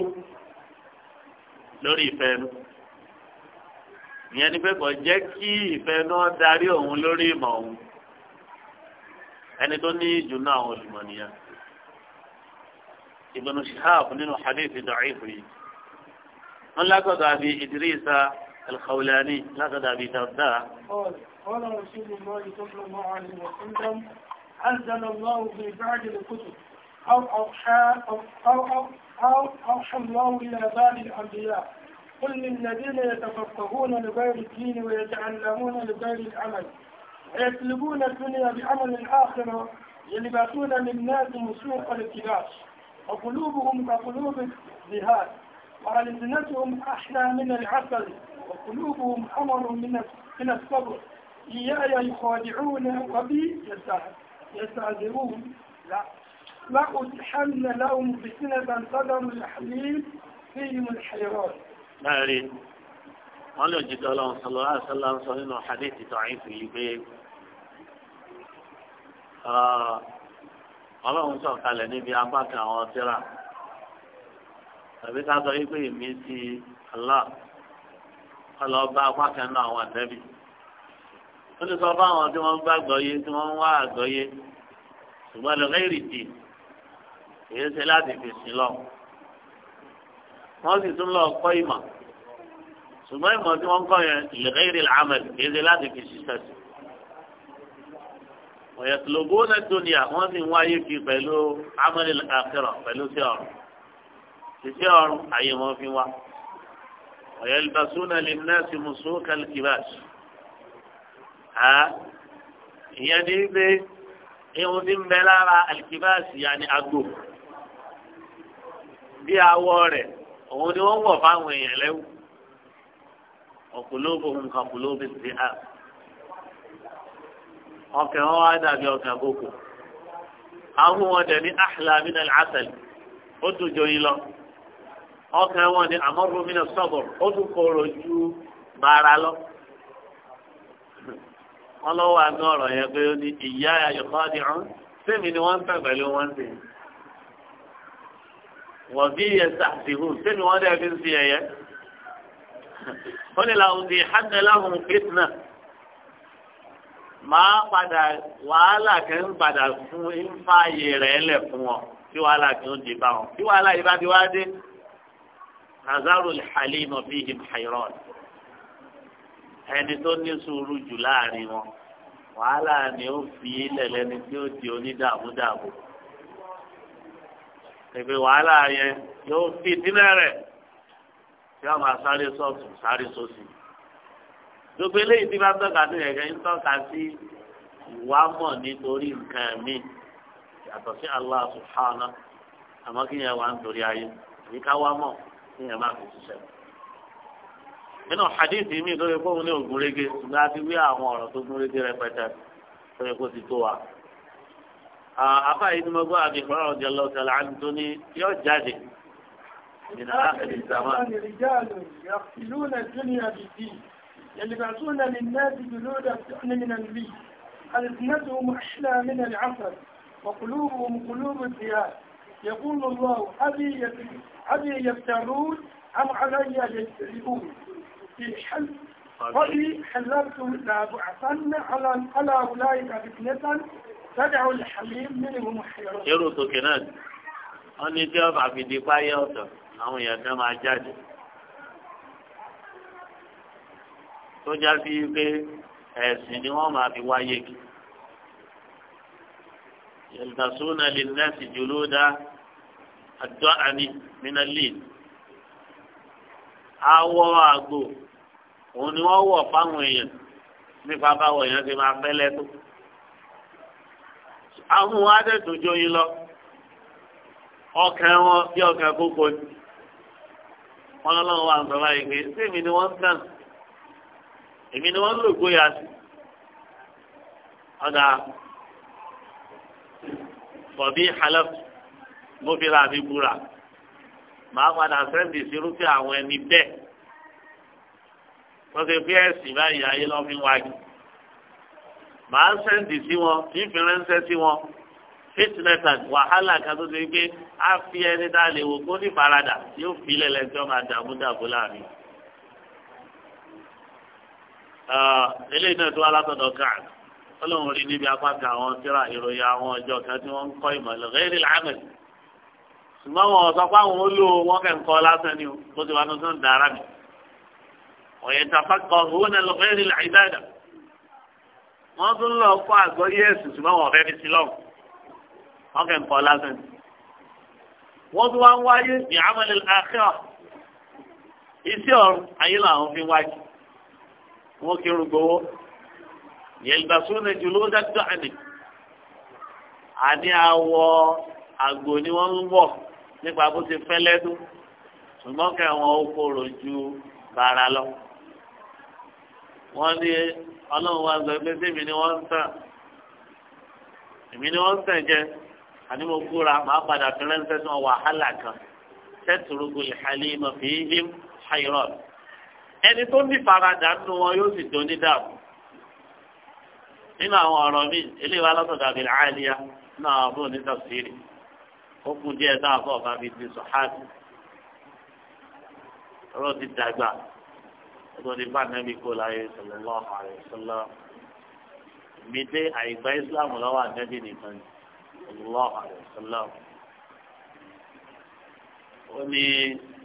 lórí ìfẹ́nu yẹni pé kò jẹ́ kí ìfẹ́nu darí òun lórí ìmọ̀ òun ẹni tó ní ìjùnú àwọn olùmọ̀ nìyẹn Ibn Shihab nínú hadith da'if yìí wọn lágbàdo àbí Idrisa. الخولاني لقد أبي درداء قال قال رسول الله صلى الله عليه وسلم أنزل الله في بعد الكتب أو أوحى أو أو أو أوحى الله إلى بعض الأنبياء قل للذين يتفقهون لغير الدين ويتعلمون لغير العمل ويطلبون الدنيا بعمل الآخرة يلبسون للناس مسوق الابتلاش وقلوبهم كقلوب الذهاب وألسنتهم أحلى من العسل وقلوبهم حمر من الصبر إياي يخادعون وبي يستعذرون لا لا أتحمل لهم بسنة قدم الحليل فيهم الحيران بارين wọ́n lè jí dọ́lọ́run sọ̀rọ̀ àṣàlá ń sọ nínú hadith tọ́yìn fi yí pé ọlọ́run sọ̀ kalẹ̀ níbi apá kan àwọn tíra tàbí ká sọ yí pé ìmísí Allah ọlọ́ba apá kan àwọn àtẹ́bí ó lè sọ fáwọn tí wọ́n gbàgbọ́ yé tí wọ́n wá àgbọ́ yé ṣùgbọ́n lọ́gẹ́ ìrìtì èyí ṣe láti fèsì lọ wọ́n sì tún lọ kọ́ ìmọ̀ ṣùgbọ́n ìmọ̀ tí wọ́n kọ́ yẹn lọ́gẹ́ làmẹ̀lì èyí ṣe láti fèsì sẹ́sì ọ̀yẹ̀tìlógún náà dúnìyà wọ́n sì ń wáyé fi pẹ̀lú amẹ́lì àkẹrọ̀ pẹ̀lú sí ọ̀run sí ọ̀run àyè wọn fi wá ọ̀yẹ́lbàṣúnà lè ná sí mùsùlùmí kàlùkìbáṣì. ha ìyẹn ní pé ihun tí ń bẹ lára alìkìbáṣì yà ní agbo bí awọ rẹ̀ òun ni wọ́n wọ̀ fáwọn èèyàn lẹ́wù ọ̀pọ̀lọpọ̀ nǹkan ọ̀pọ̀lọpọ̀ ti hà ọkẹ̀ wọn wá dàbí ọkẹ̀ àkókò àwọn ọdẹ ní àhìlá mi náà ó dùn jọyìn lọ ọkàn wọn ni àmọ́rún mi náà sọ̀bọ̀ ó tún kóró ju bàrà lọ. wọ́n lọ́wọ́ àná ọ̀rọ̀ yẹn pé ó ní ìyá ayọ̀kọ́ àti ọ̀hún sẹ́mi ni wọ́n ń tẹ̀ pẹ̀lú wọn sí. wọ́n bí yẹn sàtìhù sẹ́mi wọ́n dẹ̀ fi ń fi ẹ̀yẹ. ó ní làwọn ti hànà láwọn fitna. máa padà wàhálà kan ń padà fún ìfààyè rẹ̀ lẹ̀ fún wọn tí wàhálà kan ń dé bá wọn tí wàhálà yìí bá ti wá dé azaru alima fihim hayran ẹni tó ní sùúrù jù láàrin wọn wàhálà ni ó fi ilẹ̀ lẹ́ni tí ó di onídàmúdàmú ìpè wàhálà yẹn yóò fi ìdílé rẹ̀ tí wọ́n máa sáré sọ́ọ̀tù sáré sósì gbogbo eléyìí tí bá ń tọ́ka sí ẹ̀kẹ́ ń tọ́ka sí ìwà mọ̀ nítorí nǹkan mi yàtọ̀ sí Allah subhanahu àmọ́ kí yẹn wà ń torí ayé àbí ká wá mọ̀ ìyẹn má fi ṣiṣẹ́. nínú hadithi mi lórí pé òun ní ògùn rege ṣùgbọ́n a ti wí àwọn ọ̀rọ̀ tó gún rege rẹpẹtẹ lórí kó ti tó wa. afa yìí ni mo gbọ́ àbí ìfọ̀rọ̀ ọ̀jọ̀ lọ sọ̀rọ̀ àti tó ní yóò jáde. من آخر الزمان رجال يقتلون الدنيا بالدين يلبسون للناس جلود الدهن من البيت ألسنتهم أحلى من العسل وقلوبهم قلوب الثياب يقول الله هذه يفترون أم علي يجرئون في حل رأي حلبت لأبعثن على على أولئك فتنة تدعو الحليم منهم حيرون يرو توكنات wọ́n ní tí ọba fi di páyé ọ̀tọ̀ àwọn èèyàn kan máa jáde tó já sí pé ẹ̀sìn ni wọ́n máa fi wáyé kí yẹ̀lùtàsúnà lè nẹ́ẹ̀sì jùlọ dá àjọ àní minalin awọ àgbo òun ni wọ́n wọ̀ fáwọn èèyàn nípa báwọ̀ èèyàn ti máa fẹ́lẹ́ tó àwọn adẹ́tòjó yín lọ ọkàn wọn bí ọkàn kókó ni wọn lọ́wọ́ wa ń báyìí pé sèmi ni wọ́n sàn èmi ni wọ́n lò gbóyà sí ọ̀dà bọ̀bí halaf mo fi ra mi búra màá padà sẹ́ǹdì sí irúfẹ́ àwọn ẹni bẹ́ẹ̀ wọ́n ti fi ẹ̀sìn báyìí ayé lọ́ fi wáyé màá sẹ́ǹdì sí wọn fífi ránṣẹ́ sí wọn fitinẹta wàhálà kan tó ti gbé á fi ẹni tá a lè wò kó ní farada yóò fi ilẹ̀ lẹ́sẹ̀ ọmọ àdààmú dàbò láàrin. eléyìí náà tó wá látọ̀dọ̀ káà ọlọ́run rí níbi apá kan àwọn tíra ìròyìn àwọn ọjọ́ kan tí wọ́n ń kọ́ ìmọ̀ lọ́gẹ́rì láàmì ṣùgbọ́n wọn sọ pé àwọn olówó wọn kẹ́ ń kọ́ lásán ni o tó ti wà ní sọ́n dára mi. ọ̀yẹ̀ tàfàkọ̀ owó náà lọ́kọ́ ẹ̀rí là ìdáàdà. wọ́n tún lọ kọ́ àgọ́ yẹ́sù ṣùgbọ́n wọn fẹ́ fi sí lọ́wọ́ wọn kẹ́ ń kọ́ lásán ni. wọ́n tún wá ń wáyé ní amẹ́lẹ́ àkẹ́wà. iṣẹ́ ọ̀run ayé làwọn fi wáyé. wọ́n kí irun gbowó. yẹ̀lbàsúnà ni. àní ni wọ́n ń wọ̀ nípa bó ti fẹ́ lẹ́dú ṣùgbọ́n kẹwọn ó kóró ju bàrà lọ. wọ́n ní ọlọ́run wa sọ pé sèmi ni wọ́n ń tàn èmi ni wọ́n ń tàn jẹ àní mo kúra màá padà fi ránṣẹ́ sí wọn wàhálà kan tẹ́tùrúgbù ìhàlẹ́ ìmọ̀ fi hím hayrọ́n ẹni tó ní faradà nínú wọn yóò sì tó ní dàbò nínú àwọn ọ̀rọ̀ mi eléyìí wà lọ́sọ̀dọ̀ àbẹ̀lẹ̀ àìlíyá nínú àbúrò ní tàfsírì ó kú díẹ̀ tá a fọ́ ọ̀fà fi ti sọ̀hádì ọ̀rọ̀ ti dàgbà ọ̀rọ̀ ti bá nẹ́bí kó láyé sallallahu alaihi wasallam mi dé àyíká islam lọ́wọ́ àtẹ́bí nìkan sallallahu alaihi wasallam ó ní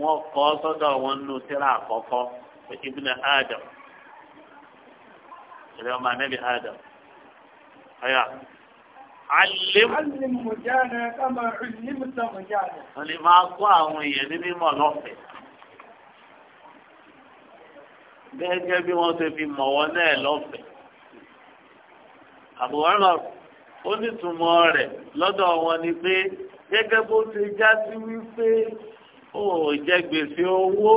wọ́n kọ́ sọ́dọ̀ wọn nù tírà àkọ́kọ́ pé ibùdó adam ìrẹ́ ọmọ anẹ́bí adam ọ̀yà. Alim. Alim mujana kama ulimta mujana. Wọ́n lè máa kó àwọn èèyàn ní mímọ̀ lọ́fẹ̀ẹ́. Gẹ́gẹ́ bí wọ́n ṣe fi mọ̀ wọ́n náà lọ́fẹ̀ẹ́. Àbúrò náà ó ní túmọ̀ rẹ̀ lọ́dọ̀ wọn ni pé gẹ́gẹ́ bó ṣe já sí wípé ó jẹ gbèsè owó.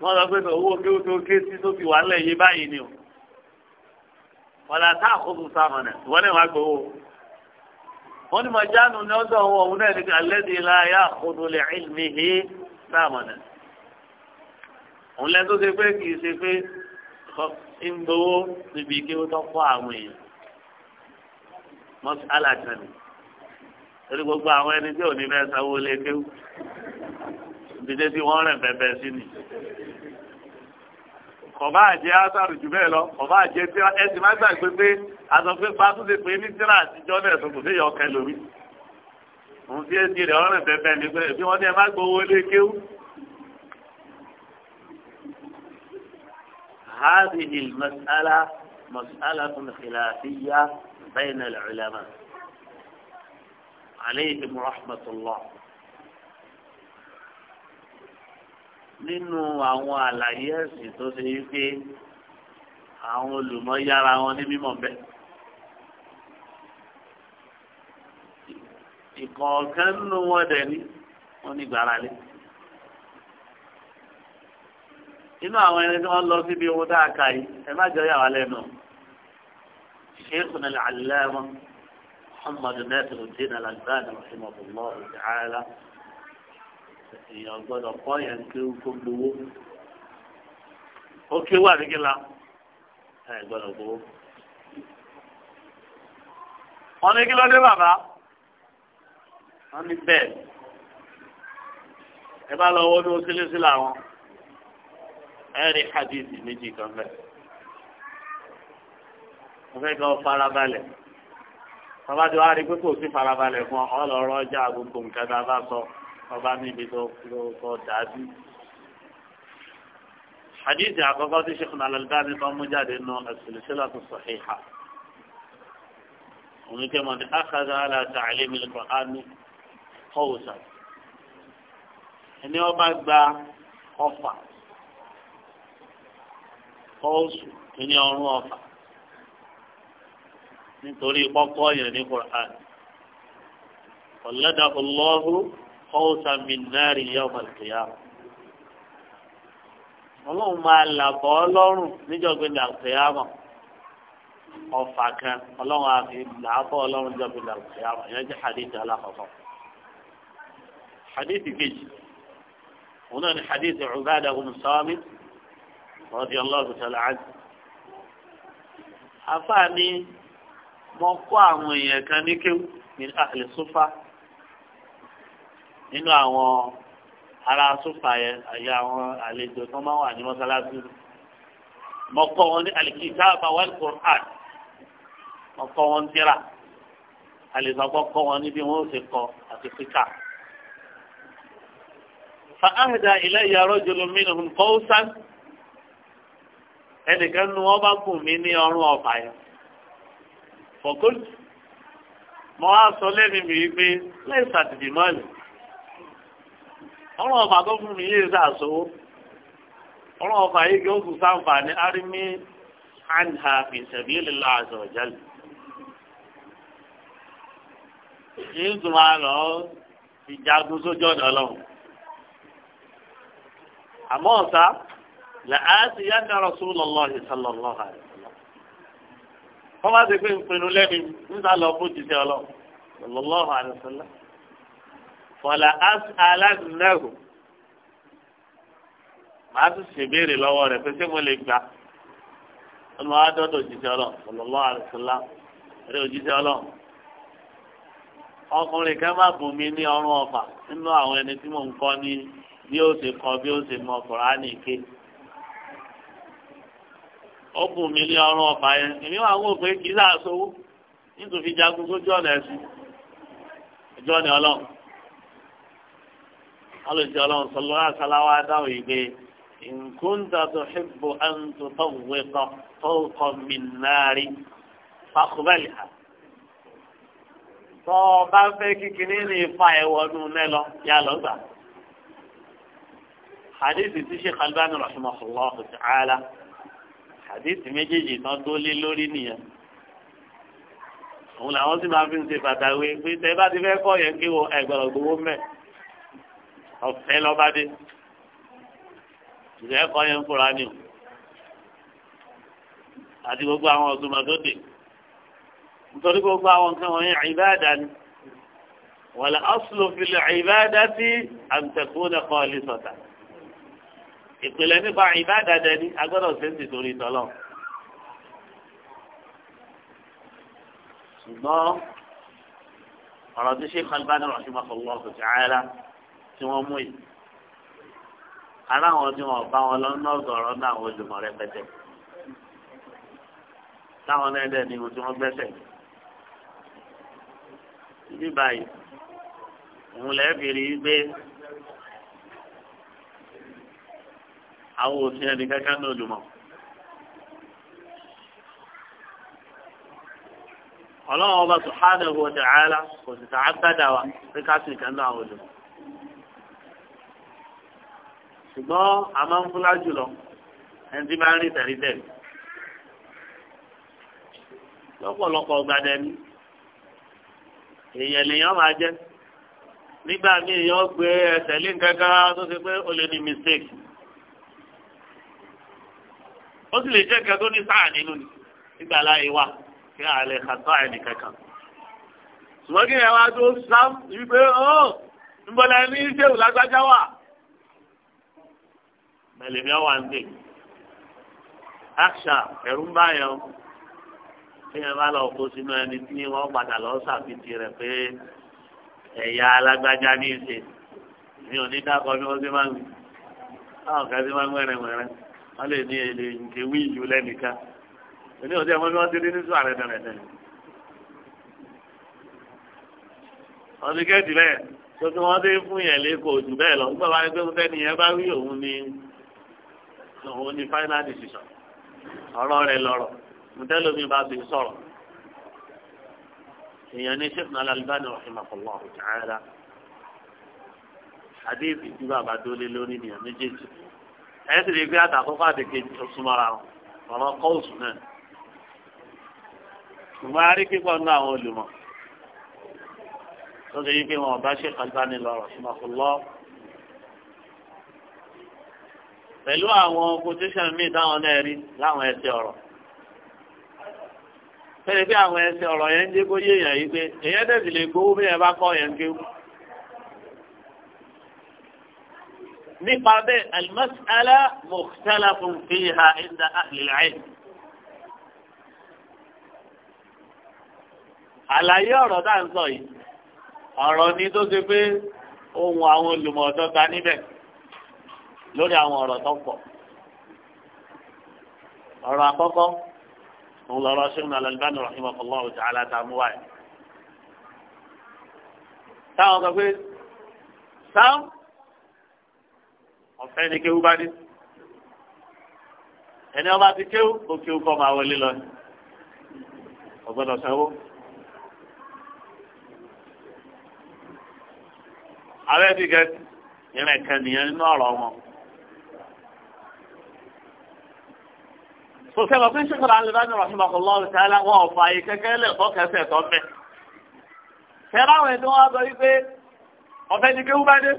Wọ́n lọ pé owó kéwòtó ké tó fi wà lẹ́yìn báyìí ni o wọ́n àtà àkóso sámọ̀nà wọ́n ní wàá gbowó. wọ́n ní màjánu ní ọ̀dọ̀ wọn òun náà ní alẹ́dí la yá àkóso lè ẹ̀mí hí sámọ̀nà. òun lẹ́nu tó ṣe pé kì í ṣe pé ń gbowó níbi kí ó tọ́ kọ́ àwọn èèyàn. mọ́sí alájọ́ni torí gbogbo àwọn ẹni tí ò ní fẹ́ sanwó lé kéwù. ìdílé tí wọ́n rẹ̀ bẹ́ẹ̀ bẹ́ẹ̀ sí ni ọba àjẹ asaru jù bẹ́ẹ̀ lọ ọba àjẹ tí ẹsìn má gbàgbé pé àtọ̀pẹ́ pàtúndé pé ní tíra àtijọ́ náà tó kò sí yọ ọkẹ lórí. òun ti èsì rẹ̀ ọ̀rìn bẹ́ẹ̀ ni pé bí wọ́n ní ẹ má gbowó lé kéwú. هذه المسألة مسألة خلافية بين العلماء عليهم رحمة الله nínú àwọn àlàyé ẹ̀sìn tó ṣe yí pé àwọn olùmọ̀ yára wọn ní mímọ̀ bẹ́ẹ̀. ìkọ̀ọ̀kan nínú wọn dẹ̀ ní wọn ní gbára lé. inú àwọn ẹni tí wọ́n lọ síbi owó tá a kà yìí ẹ má jẹ́ yàrá lẹ́nu. شيخنا العلامة محمد ناصر الدين الألباني رحمه الله تعالى èèyàn gbọ́dọ̀ kọ́ yẹn kéwú kó gbowó ó kéwú àdékélá ẹ gbọ́dọ̀ gbowó. wọ́n ní kí ló dé bàbá wọ́n ní bẹ́ẹ̀ ẹ bá lọ wọnú sílẹsí làwọn ẹ rí hadith méjì kan bẹ́ẹ̀ mo fẹ́ kọ farabalẹ̀ bàbá tí wàá rí pé kò sí farabalẹ̀ fún ọ lọ rọjà gbogbo nǹkan tá a bá sọ. So ọba níbi tó kọ dàbí. حديث عقبة شيخ الألباني قام مجاد إنه السلسلة الصحيحة هناك من أخذ على تعليم القرآن قوسا ẹni ọba gba ọfà kọ́ọ̀sù ẹni ọrùn ọfà nítorí kọ́kọ́ yẹn ní Qur'an ọ̀lẹ́dàkùnlọ́hùn kọ́ọ̀tà mìnárì yọ̀ọ̀mà kìyà. ọlọ́run máa làbọ̀ ọlọ́run níjọ́gbìn làkìyàmọ̀ ọ̀fà kan ọlọ́run àfi làbọ̀ ọlọ́run níjọ́gbìn làkìyàmọ̀ ìyẹn jẹ́ hadith alákọ̀ọ́kọ́. hadith kejì òun náà ni hadith Ubaada ibn Saamit radiyallahu ta'ala anhu. afáàní mọ kó àwọn èèyàn kan ní kéwù ní ahli sufa nínú àwọn ará sùfà yẹn àyè àwọn àlejò tó máa wà ní mọ́sálásí mo kọ́ wọn ní alikitaba wal Qur'an mo kọ́ wọn tírà alìsàkọ́ kọ́ wọn níbi wọn ó sì kọ́ àti síkà. فأهدى إلي رجل منهم قوسا ẹnìkan nu wọn bá kù mí ní ọrùn ọ̀fà yẹn fọkúl mo á sọ mi wípé lẹ́sàtìdì ọrụ ọ̀fà tó fún mi yéé sàṣowó ọrụ ọ̀fà yìí kí ó kù sáǹfààní arímí anha fi máa lọ fi jagun sójú ọ̀dọ̀ ọlọ́run. àmọ́ ọ̀sá làásì yá ní rasulullahi sallallahu alaihi wasallam. wọ́n bá ti pé ń lẹ́nu nígbà lọ fọlá aláàdúnáàgò màá tún ṣèbéèrè lọ́wọ́ rẹ̀ pé ṣé mo lè gbà ọmọ adọ́dọ̀ òjíṣẹ́ ọlọ́run ọlọ́lọ́ àrùsọ́lá ẹ̀rẹ́ òjíṣẹ́ ọlọ́run ọkùnrin kan má bùn mí ní ọrùn ọfà nínú àwọn ẹni tí mò ń kọ́ ní bí ó ṣe kọ bí ó ṣe mọ Kùránì ké ó bùn mí ní ọrùn ọfà yẹn èmi wà wò pé kì í sàṣowó nítorí jagun sójú ọ̀nà ẹ̀sìn ìjọ ni ọlọ́run alùjọ ọlọ́run sọlọ́ àṣàláwá dáhùn yìí pé nkúńtà tó xibbu àǹtò tó wé kọ tó kọ mí náàrí fàkùbẹ́lì ha. tó o bá fẹ́ kíkiní ní ifá ẹ̀wọ̀nù náà lọ yá lọ gbà. hadith ti ṣe kalbani rahimahullah ta'ala hadith méjèèjì tán tó lé lórí nìyẹn òun làwọn sì máa fi ń ṣe pàtàkì pé tẹ bá ti fẹ́ kọ́ yẹn kí wo ẹgbẹ̀rún gbowó mẹ́ẹ̀ ọ̀fẹ́ lọ́ba dé ìrẹ́ ẹ̀kọ́ yẹn ń kóra ni o àti gbogbo àwọn ọ̀dùnmọ̀dọ́dẹ nítorí gbogbo àwọn nǹkan wọ̀nyí ìbáàdà ni wala aslu fil ìbáàdàtì an takuna khalisatan ìpìlẹ̀ nípa ìbáàdà dẹni agbọ́dọ̀ sẹ́ńtì torí ìtọ́lọ́ ṣùgbọ́n ọ̀rọ̀ tó ṣe kọlbánirọ̀ ṣùgbọ́n kọlbánirọ̀ ṣùgbọ́n tí wọ́n mú yìí ara àwọn tí wọ́n bá wọn lọ ní ọ̀gọ̀rọ̀ náà àwọn olùmọ̀ rẹpẹtẹ táwọn náà dẹ̀ ní ohun tí wọ́n gbẹ́sẹ̀ ní báyìí òun lẹ́ẹ̀bì rí gbé àwọn òfin ẹni kankan ní olùmọ̀. ọlọ́run ọba subhanahu wa ta'ala kò sì sàá gbádà wa pé ká sì kàn ní àwọn olùmọ̀ ṣùgbọ́n a máa ń fúnlá jùlọ ẹni tí máa ń rí tẹ̀lé tẹ̀lé lọ́pọ̀lọpọ̀ gbadẹ́ni èèyàn lèèyàn máa jẹ́ nígbà míì èèyàn gbé ẹsẹ̀ lé nǹkankan tó ṣe pé o lè ní mistake ó sì lè jẹ́ nǹkan tó ní sáà nínú ni nígbà láàyè wà kí àlẹ́ kàtọ́ àìní kankan ṣùgbọ́n kí ẹ wá tó sám wípé ó ń bọ́lá ní ìṣèlú lágbájá wà pẹ̀lẹ́mí ọ̀wà ń gbè. àṣà ẹ̀rú ń báyọ̀ kí ẹ bá lọ kó sínú ẹni tí wọ́n padà lọ sàfihàn rẹ̀ pé ẹ̀yà alágbájá ní ìṣe ní onídàkọ́ ni wọ́n ti máa ń gbé. àwọn kan ti máa ń wẹ̀rẹ̀ wẹ̀rẹ̀ wọ́n lè ní èlé nǹkan wí ìlú lẹ́nìkan. èmi ò tẹ́ mọ́ bí wọ́n ti rí nísú àrẹ dẹ̀rẹ̀dẹ̀. wọ́n ti kẹ́ẹ̀tì bẹ́ẹ̀ tó tí ti fún yẹn lé jù bẹ́ẹ̀ lọ nígbà wáyé pé mo fẹ́ nìyẹn bá wí òun ni òun ni final decision ọ̀rọ̀ rẹ̀ lọ́rọ̀ mùtẹ́lómi bá fi sọ̀rọ̀ èèyàn ní sèkùn alálùbáni rahimahullah ta'ala àdéhìí tí bàbá dólé lórí nìyẹn méjèèjì ẹ̀ sì rí pé àtàkọ́kọ́ àdèkejì tó súnmọ́ra wọn ọ̀rọ̀ kọ́ọ̀sù náà ṣùgbọ́n arí kíkọ́ ní àwọn olùmọ̀ tó ṣe yí pé wọn ọba ṣe kàlùbáni lọ́rọ̀ rahimahullah pẹ̀lú àwọn quotation míì táwọn náà rí láwọn ẹsẹ̀ ọ̀rọ̀ fẹ́rẹ̀ bí àwọn ẹsẹ̀ ọ̀rọ̀ yẹn ń jẹ́ kó yé èèyàn yìí pé èèyàn tẹ̀sí lè gbowó bí ẹ bá kọ́ yẹn ń kéwú. nípa bẹ́ẹ̀ al-mas'ala mukhtalafun fiha inda ahli al àlàyé ọ̀rọ̀ tá à ń sọ yìí ọ̀rọ̀ ni tó ṣe pé ohun àwọn olùmọ̀ọ́tọ́ ta níbẹ̀ lórí àwọn ọ̀rọ̀ tó pọ̀ ọ̀rọ̀ àkọ́kọ́ òun lọ́rọ̀ ṣẹ́gun Al-Albani rahimahullahu ta'ala tààmú wáyé táwọn kan pé sáwọn ọ̀fẹ́ ni kéwú bá dé ẹni ọba ti kéwú kó kéwú kọ́ máa wọlé lọ ọgbọ́dọ̀ sanwó. abẹ́ ti gẹ ìrìn kan nìyẹn nínú ọ̀rọ̀ wọn tó sẹ́wọ̀n pé ṣùgbọ́n alẹ́bàánu rahimahullah ta'ala wọn ò fààyè kẹ́kẹ́ lẹ̀ fọ́ kẹsẹ̀ tó mẹ́. fẹ́ráwọn ẹni wọn sọ wípé ọ̀fẹ́ ni kéwú bá dé.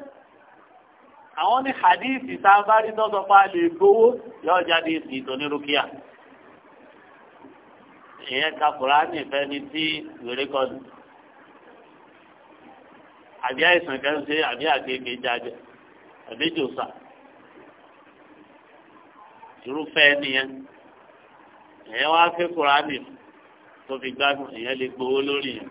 àwọn ní hadithi tá a bá rí tọ́sọ pa lè gbowó yóò jáde sí ìtòní ìyẹn ka kùránì fẹ́ ni tí wèrè kọ́ ni. àbí àìsàn kan ṣe àbí àgbègbè jáde àbí jòsà irúfẹ́ nìyẹn ẹ̀yẹ́ wá fẹ́ kúránì tó fi gbádùn ẹ̀yẹ́ lè gbowó lórí yẹn.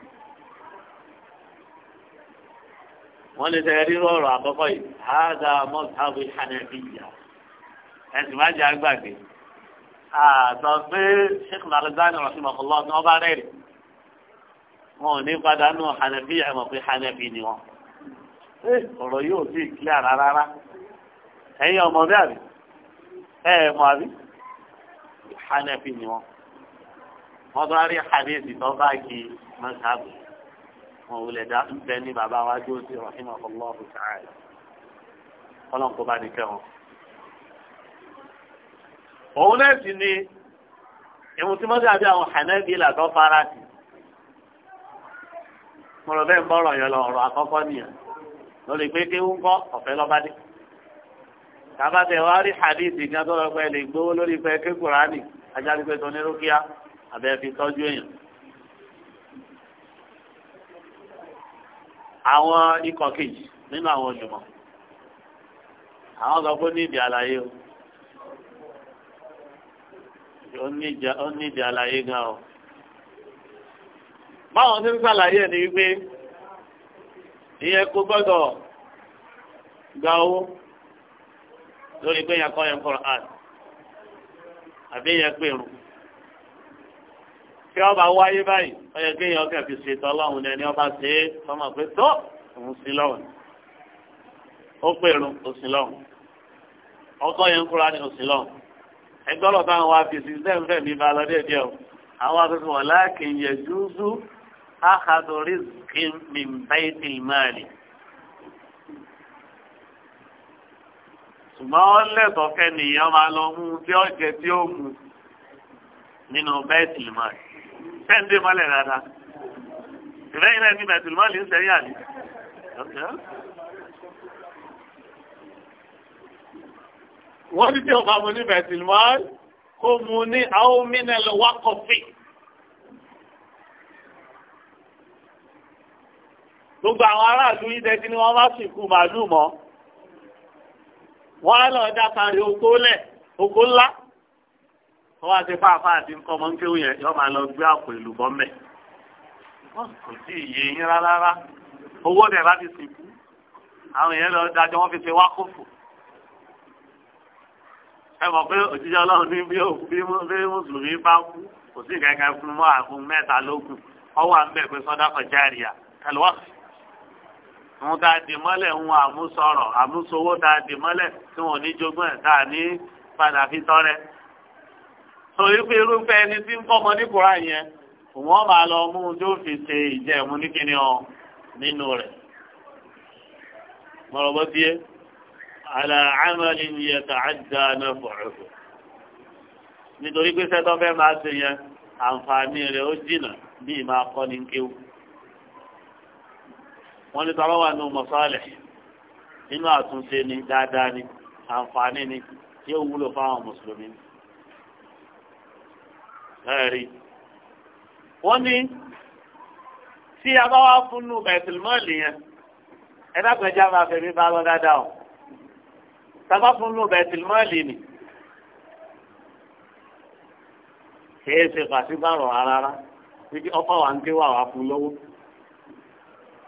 wọ́n lè tẹ̀lé rírọ̀ ọ̀rọ̀ àkọ́kọ́ yìí hádà mọ́tàbí hànàbíyà ẹ̀sìn má jẹ́ àgbàgbé. àtọ̀ pé sheikh malazani rahimahullah ni wọ́n bá rẹ̀rì wọn ò ní padà nù hànàbíyà mọ̀ pé hànàbí ni wọn. ọ̀rọ̀ yóò sì kílẹ̀ rárá ẹ̀yin ọmọ bí àbí ẹ̀ mọ̀ àbí hanafi ni wọn wọn bá rí hadithi tó bá kí mọ́sáàbù wọn ò lè dá ń bẹ ní bàbá wa jó sí rahimah allah ta'ala ọlọ́run kó bá ní kẹ́ wọn. òun náà sì ni ìwọ̀n tí mọ́tò àbí àwọn hanafi làtọ́ fara sí mo rò bẹ́ẹ̀ ń bọ̀rọ̀ yẹn lọ ọ̀rọ̀ àkọ́kọ́ nìyẹn lórí pé kéwú ń kọ́ ọ̀fẹ́ lọ́ba dé kábàtẹ̀ wá rí hadithi kan tó lọ pẹ́ lè gbowó lórí pẹ́ ké kùránì ajáde pé tóní rúkìá àbẹ̀ fi tọ́jú èèyàn. àwọn ikọ̀ kejì nínú àwọn òjùmọ̀ àwọn sọ pé ní ìdí àlàyé o ó ní ìdí àlàyé gan o báwọn ti ń sàlàyé ẹ̀ wípé ìyẹn kò gbọ́dọ̀ gba owó lórí pé yẹn kọ́ yẹn kọ́ àn àbí yẹn pè rú tí wọ́n bá wáyé báyìí ó yẹ kí yẹn ọkẹ́ fi ṣètò ọlọ́run ní ẹni ọba ṣe é sọmọ pé tó òun sí lọ́wọ́ ó pè rú òsì lọ́wọ́ ọkọ yẹn kúra ní òsì lọ́wọ́ ẹgbẹ́ ọ̀tá àwọn afẹ́sí sẹ́ńfẹ́ mi bá lọ déédéé o àwọn afẹ́sí wọn láàkì yẹn dúdú áhàdùrí kí mi báyìí tì máa nìyí. ṣùgbọ́n wọ́n lẹ́tọ̀ọ́ kẹ́nìyàn máa lọ mú tí ó jẹ tí ó mu nínú bẹ́ẹ̀tì mọ́ ẹ̀ sẹ́ńdé mọ́lẹ̀ dáadáa ìrẹ́yìn náà ní bẹ́ẹ̀tì mọ́lẹ̀ ń sẹ́yìn àlè. wọ́n ní tí ọba mu ní bẹ́ẹ̀tì kó mu ní àwọn mínẹ́lì wákọ̀fì. gbogbo àwọn aráàlú yìí dẹ́tí wọ́n bá sìnkú màálù mọ́ wọ́n á lọ dá parí oko lẹ̀ oko ńlá wọ́n wá sí fáfá àti nǹkan ọmọ nkéwù yẹn yọ́ máa lọ gbé àpò ìlú bọ́ mẹ́ kò sí iye yín rárá owó rẹ̀ bá ti sìnkú àwọn èèyàn lọ dájọ́ wọ́n fi ṣe wá kófò ẹ mọ̀ pé òjíṣẹ́ ọlọ́run ní bí mùsùlùmí bá kú kò sí ìkẹ́kẹ́ fún mọ́ àfún mẹ́ta lókun ọwọ́ à ń bẹ̀ pé sọ́dá kọjá àríyá ẹlọ́ọ̀sì wọn tá a dì mọ́lẹ̀ ń wọn àmúsọ̀rọ̀ àmúsowó tá a dì mọ́lẹ̀ tí wọn ò ní jogún ẹ̀ tá a ní padà fi tọrẹ. sòrí pé irúfẹ́ ẹni tí ń kọ́mọ ní kura yẹn wọ́n máa lọ mú un tí ó fi ṣe ìjẹ̀mú ní kíni ọ nínú rẹ̀. mọ̀rọ̀ bó tiẹ̀ àlà àmàlì ni ẹ̀ tà á da náà fọ̀rọ̀fọ̀. nítorí pé sẹ́tọ́ fẹ́ máa ṣe yẹn àǹfààní rẹ̀ ó jìnnà bí máa kọ́ ni kéwù wọ́n ní tọ́lọ́wà nù mọ̀sálẹ̀ nínú àtúnṣe ni dáadáa ni àǹfààní ni tí ó wúlò fáwọn mùsùlùmí. Ẹ̀rí wọ́n ní tí a bá wá fún nù bẹ̀tìlmọ́ọ̀lì yẹn ẹ dákun ẹja máa fẹ̀mí bá lọ dáadáa o tàbá fún nù bẹ̀tìlmọ́ọ̀lì ni kìí ṣe pàṣípàrọ̀ rárá ọkọ̀ wa ń ké wà wá fún lọ́wọ́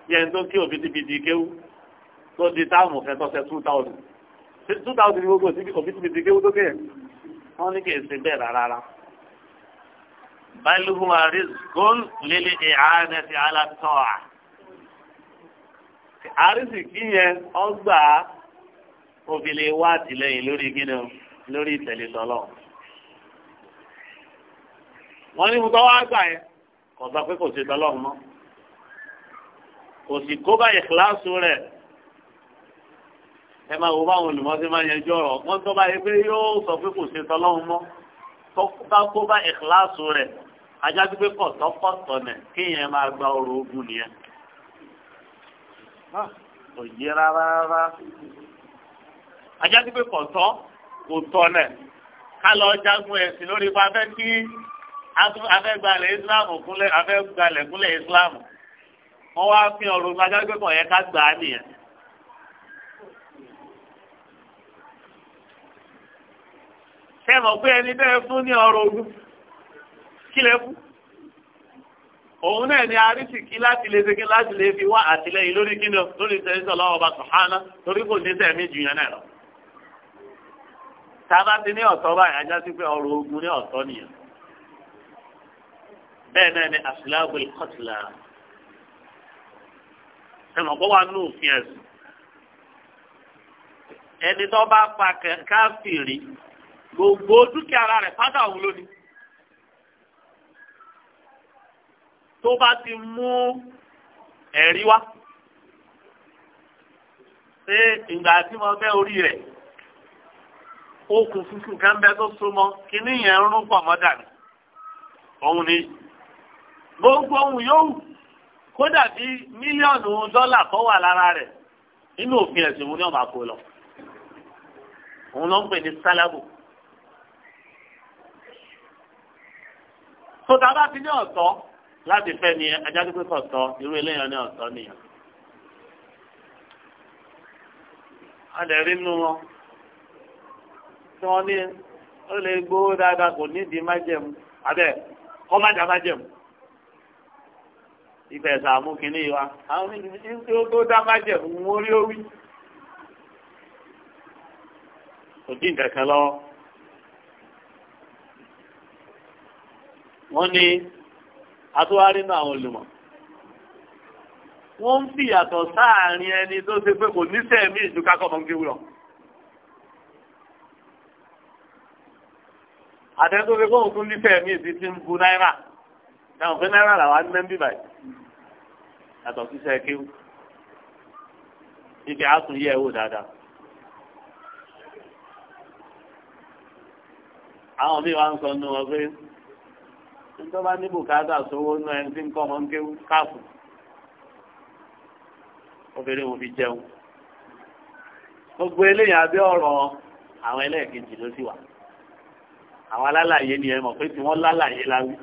bí ẹni tó kí òbí ti fi di kéwú tó di táàmù fẹ́ tọ́sẹ̀ two thousand two thousand ni gbogbo òbí ti fi di kéwú tó kéyẹ wọ́n ní kì í ṣe bẹ́ẹ̀ rárá bal huwa rizqun lil i'anati ala ta'a àrísìkí yẹn ọgbà òbílẹ̀ wá àtìlẹ́yìn lórí gíní lórí ìtẹ̀lé tọ́lọ̀ wọ́n ní mo tọ́ wá gbà yẹn kò pé kò ṣe tọ́lọ̀ mọ́ kò sì kó bá ìkíláàsù rẹ̀ ẹ máa wo báwọn olùmọ́sí máa yanjú ọ̀rọ̀ wọ́n tó bá yẹ pé yóò sọ pé kò ṣe tọ́lọ́hún mọ́ tó bá kó bá ìkíláàsù rẹ̀ ajá sí pé kọ̀tọ́kọ̀tọ̀ nẹ̀ kéèyàn máa gba ọrọ̀ ogun nìyẹn ah, kò yé rárá rárá ajá sí pé kọ̀tọ́ kò tọ́ nẹ̀ ká lọ jagun ẹ̀sìn lórí ipa fẹ́ kí afẹ́gbalẹ̀ islam kúnlẹ̀ afẹ́gbalẹ̀ kúnlẹ̀ islam wọ́n wá fi ọ̀rọ̀ gbàgbé kan yẹn ká gbà á nìyẹn. ṣé mọ̀ pé ẹni bẹ́ẹ̀ fún ní ọrọ̀ ogun kí lè fún òun náà ni arísìkí láti lè segin láti lè fi wá àtìlẹyìn lórí kíni lórí sẹ́yìn lọ́wọ́ ọba sùhánà torí kò ní sẹ́mi jù yẹn náà lọ. tábà ti ní ọ̀tọ̀ báyìí ajá sí pé ọrọ̀ ogun ní ọ̀tọ̀ nìyẹn. bẹ́ẹ̀ náà ni àṣìláàbù ẹ̀mọ̀ kó wà ní òfin ẹ̀sìn ẹni tó bá pa káfíìrì gbogbo dúkìá ara rẹ̀ pátá òun lónìí tó bá ti mú ẹ̀rí wá ṣé ìgbà tí mo bẹ́ orí rẹ̀ okùn funfun kan bẹ tó súnmọ́ kíní yẹn ń rún pọ̀ mọ́ dànù òun ni gbogbo ohun yóò kódà bí mílíọ̀nù dọ́là kọ́ wà lára rẹ̀ nínú òfin ẹ̀sìn òun ni ọ̀bà kó lọ òun ló ń pè ní sálábù. sọ̀tà bá ti ní ọ̀tọ̀ láti fẹ́ ni ajá tó pé kọ̀tọ̀ irú eléyàn ní ọ̀tọ̀ nìyẹn. adẹ̀rí nínú wọn tí wọ́n ní ó lè gbowó dáadáa kò nídìí májẹ̀mú abẹ́ kọ́ májà májẹ̀mú ìfẹ́ sàmú kìíní wa àwọn ènìyàn tó dá má jẹ̀ fún wọn rí orí kò dín nǹkan kan lọ́wọ́ wọ́n ní atúwárí náà àwọn olùmọ̀ wọ́n ń fi ìyàtọ̀ sáàárín ẹni tó ṣe pé kò níṣẹ́ mi ìjú kákọ́ mọ́ gíwú lọ. àtẹ́tò kóhùn tún níṣẹ́ mi ìdí ti ń bu náírà táwọn pé náírà làwọn á ná ń bíbà yàtọ̀ sísẹ́ kéwù ibi àtún yẹ wò dáadáa. àwọn míì wá ń sọ nù wọn pé tó bá ní bùkátà sówó nù ẹni tí ń kọ́ ọmọ ń kéwù káàfù obìnrin wo fi jẹun gbogbo eléyìí abẹ́ ọ̀rọ̀ àwọn ẹlẹ́ẹ̀kejì ló sì wà àwọn alálàyé ni ẹ mọ̀ pé tí wọ́n lálàyé la wí.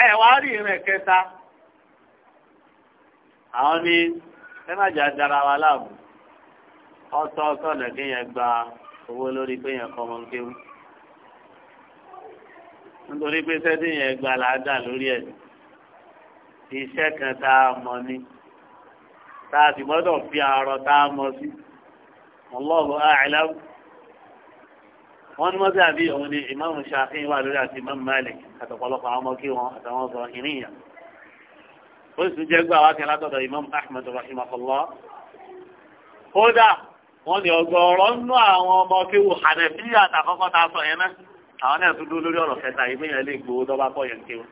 e wá kẹta àwọn ni ẹ dára wa láàbù ọtọ gba owó lórí kéèyàn kọ ọmọ nkéwù nítorí pé sẹ́dí yẹn gba làádà lórí ẹ̀ iṣẹ́ kan tá a fi àárọ̀ tá a sí wọ́n ní mọ́tí àbí òun ni ìmáàmù Ṣáfi'í wà lórí àti ìmáàmù Malik àtọ̀pọ̀lọpọ̀ àwọn ọmọ kí wọn àtàwọn sọ ìníyà ó sì jẹ́ gbà wákẹ́ látọ̀dọ̀ ìmáàmù Ahmad rahimahullah kódà wọ́n ní ọgọ́rọ̀ nú àwọn ọmọ kí wù Hanafiya àtàkọ́kọ́ ta sọ yẹn náà àwọn náà tún dúró lórí ọ̀rọ̀ kẹta ìgbéyàn lè gbowó dọ́bà kọ́ yẹn kéwù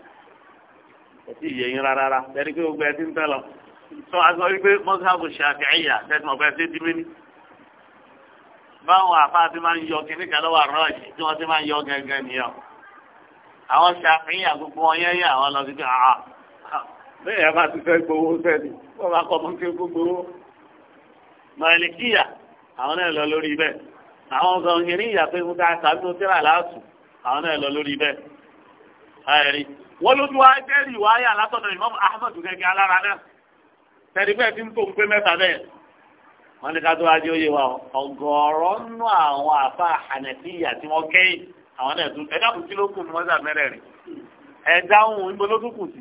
kò sí ìyẹyìn rárá rárá ẹni pé gbogbo ẹ ti ń tẹ́ lọ sọ àgbọ̀ wípé mọ́tí báwọn àfa ti máa ń yọ kíní kan lọ́wọ́ àrọ́ yìí tí wọ́n ti máa ń yọ gẹ́gẹ́ nìyẹn àwọn ṣàfihàn gbogbo wọn yẹ́yẹ́ àwọn lọ sí pé àà bẹ́ẹ̀ yẹn bá ti fẹ́ gbowó sẹ́ni wọ́n bá kọ́ fún kí gbogbo mọ̀lẹ́kíyà àwọn náà lọ lórí bẹ́ẹ̀ àwọn kan kìíní ìyàpẹ́ fún ká tàbí tó tẹ́lá láàtù àwọn náà lọ lórí bẹ́ẹ̀ ẹ̀rí wọ́n ló tún wá jẹ́rìí wáyà látọ̀dọ̀ Imam Ahmad gẹ́gẹ́ wọ́n ní ká tó wájú oyè wa ọ̀gọ̀ọ̀rọ̀ nù àwọn àfa ànàfíyà tí wọ́n kẹ́yìn àwọn náà tún ẹ̀dá kùtì ló kù ní wọ́n sàmẹ́rẹ̀ rìn ẹ̀dá òun ìbò ló tún kù sí.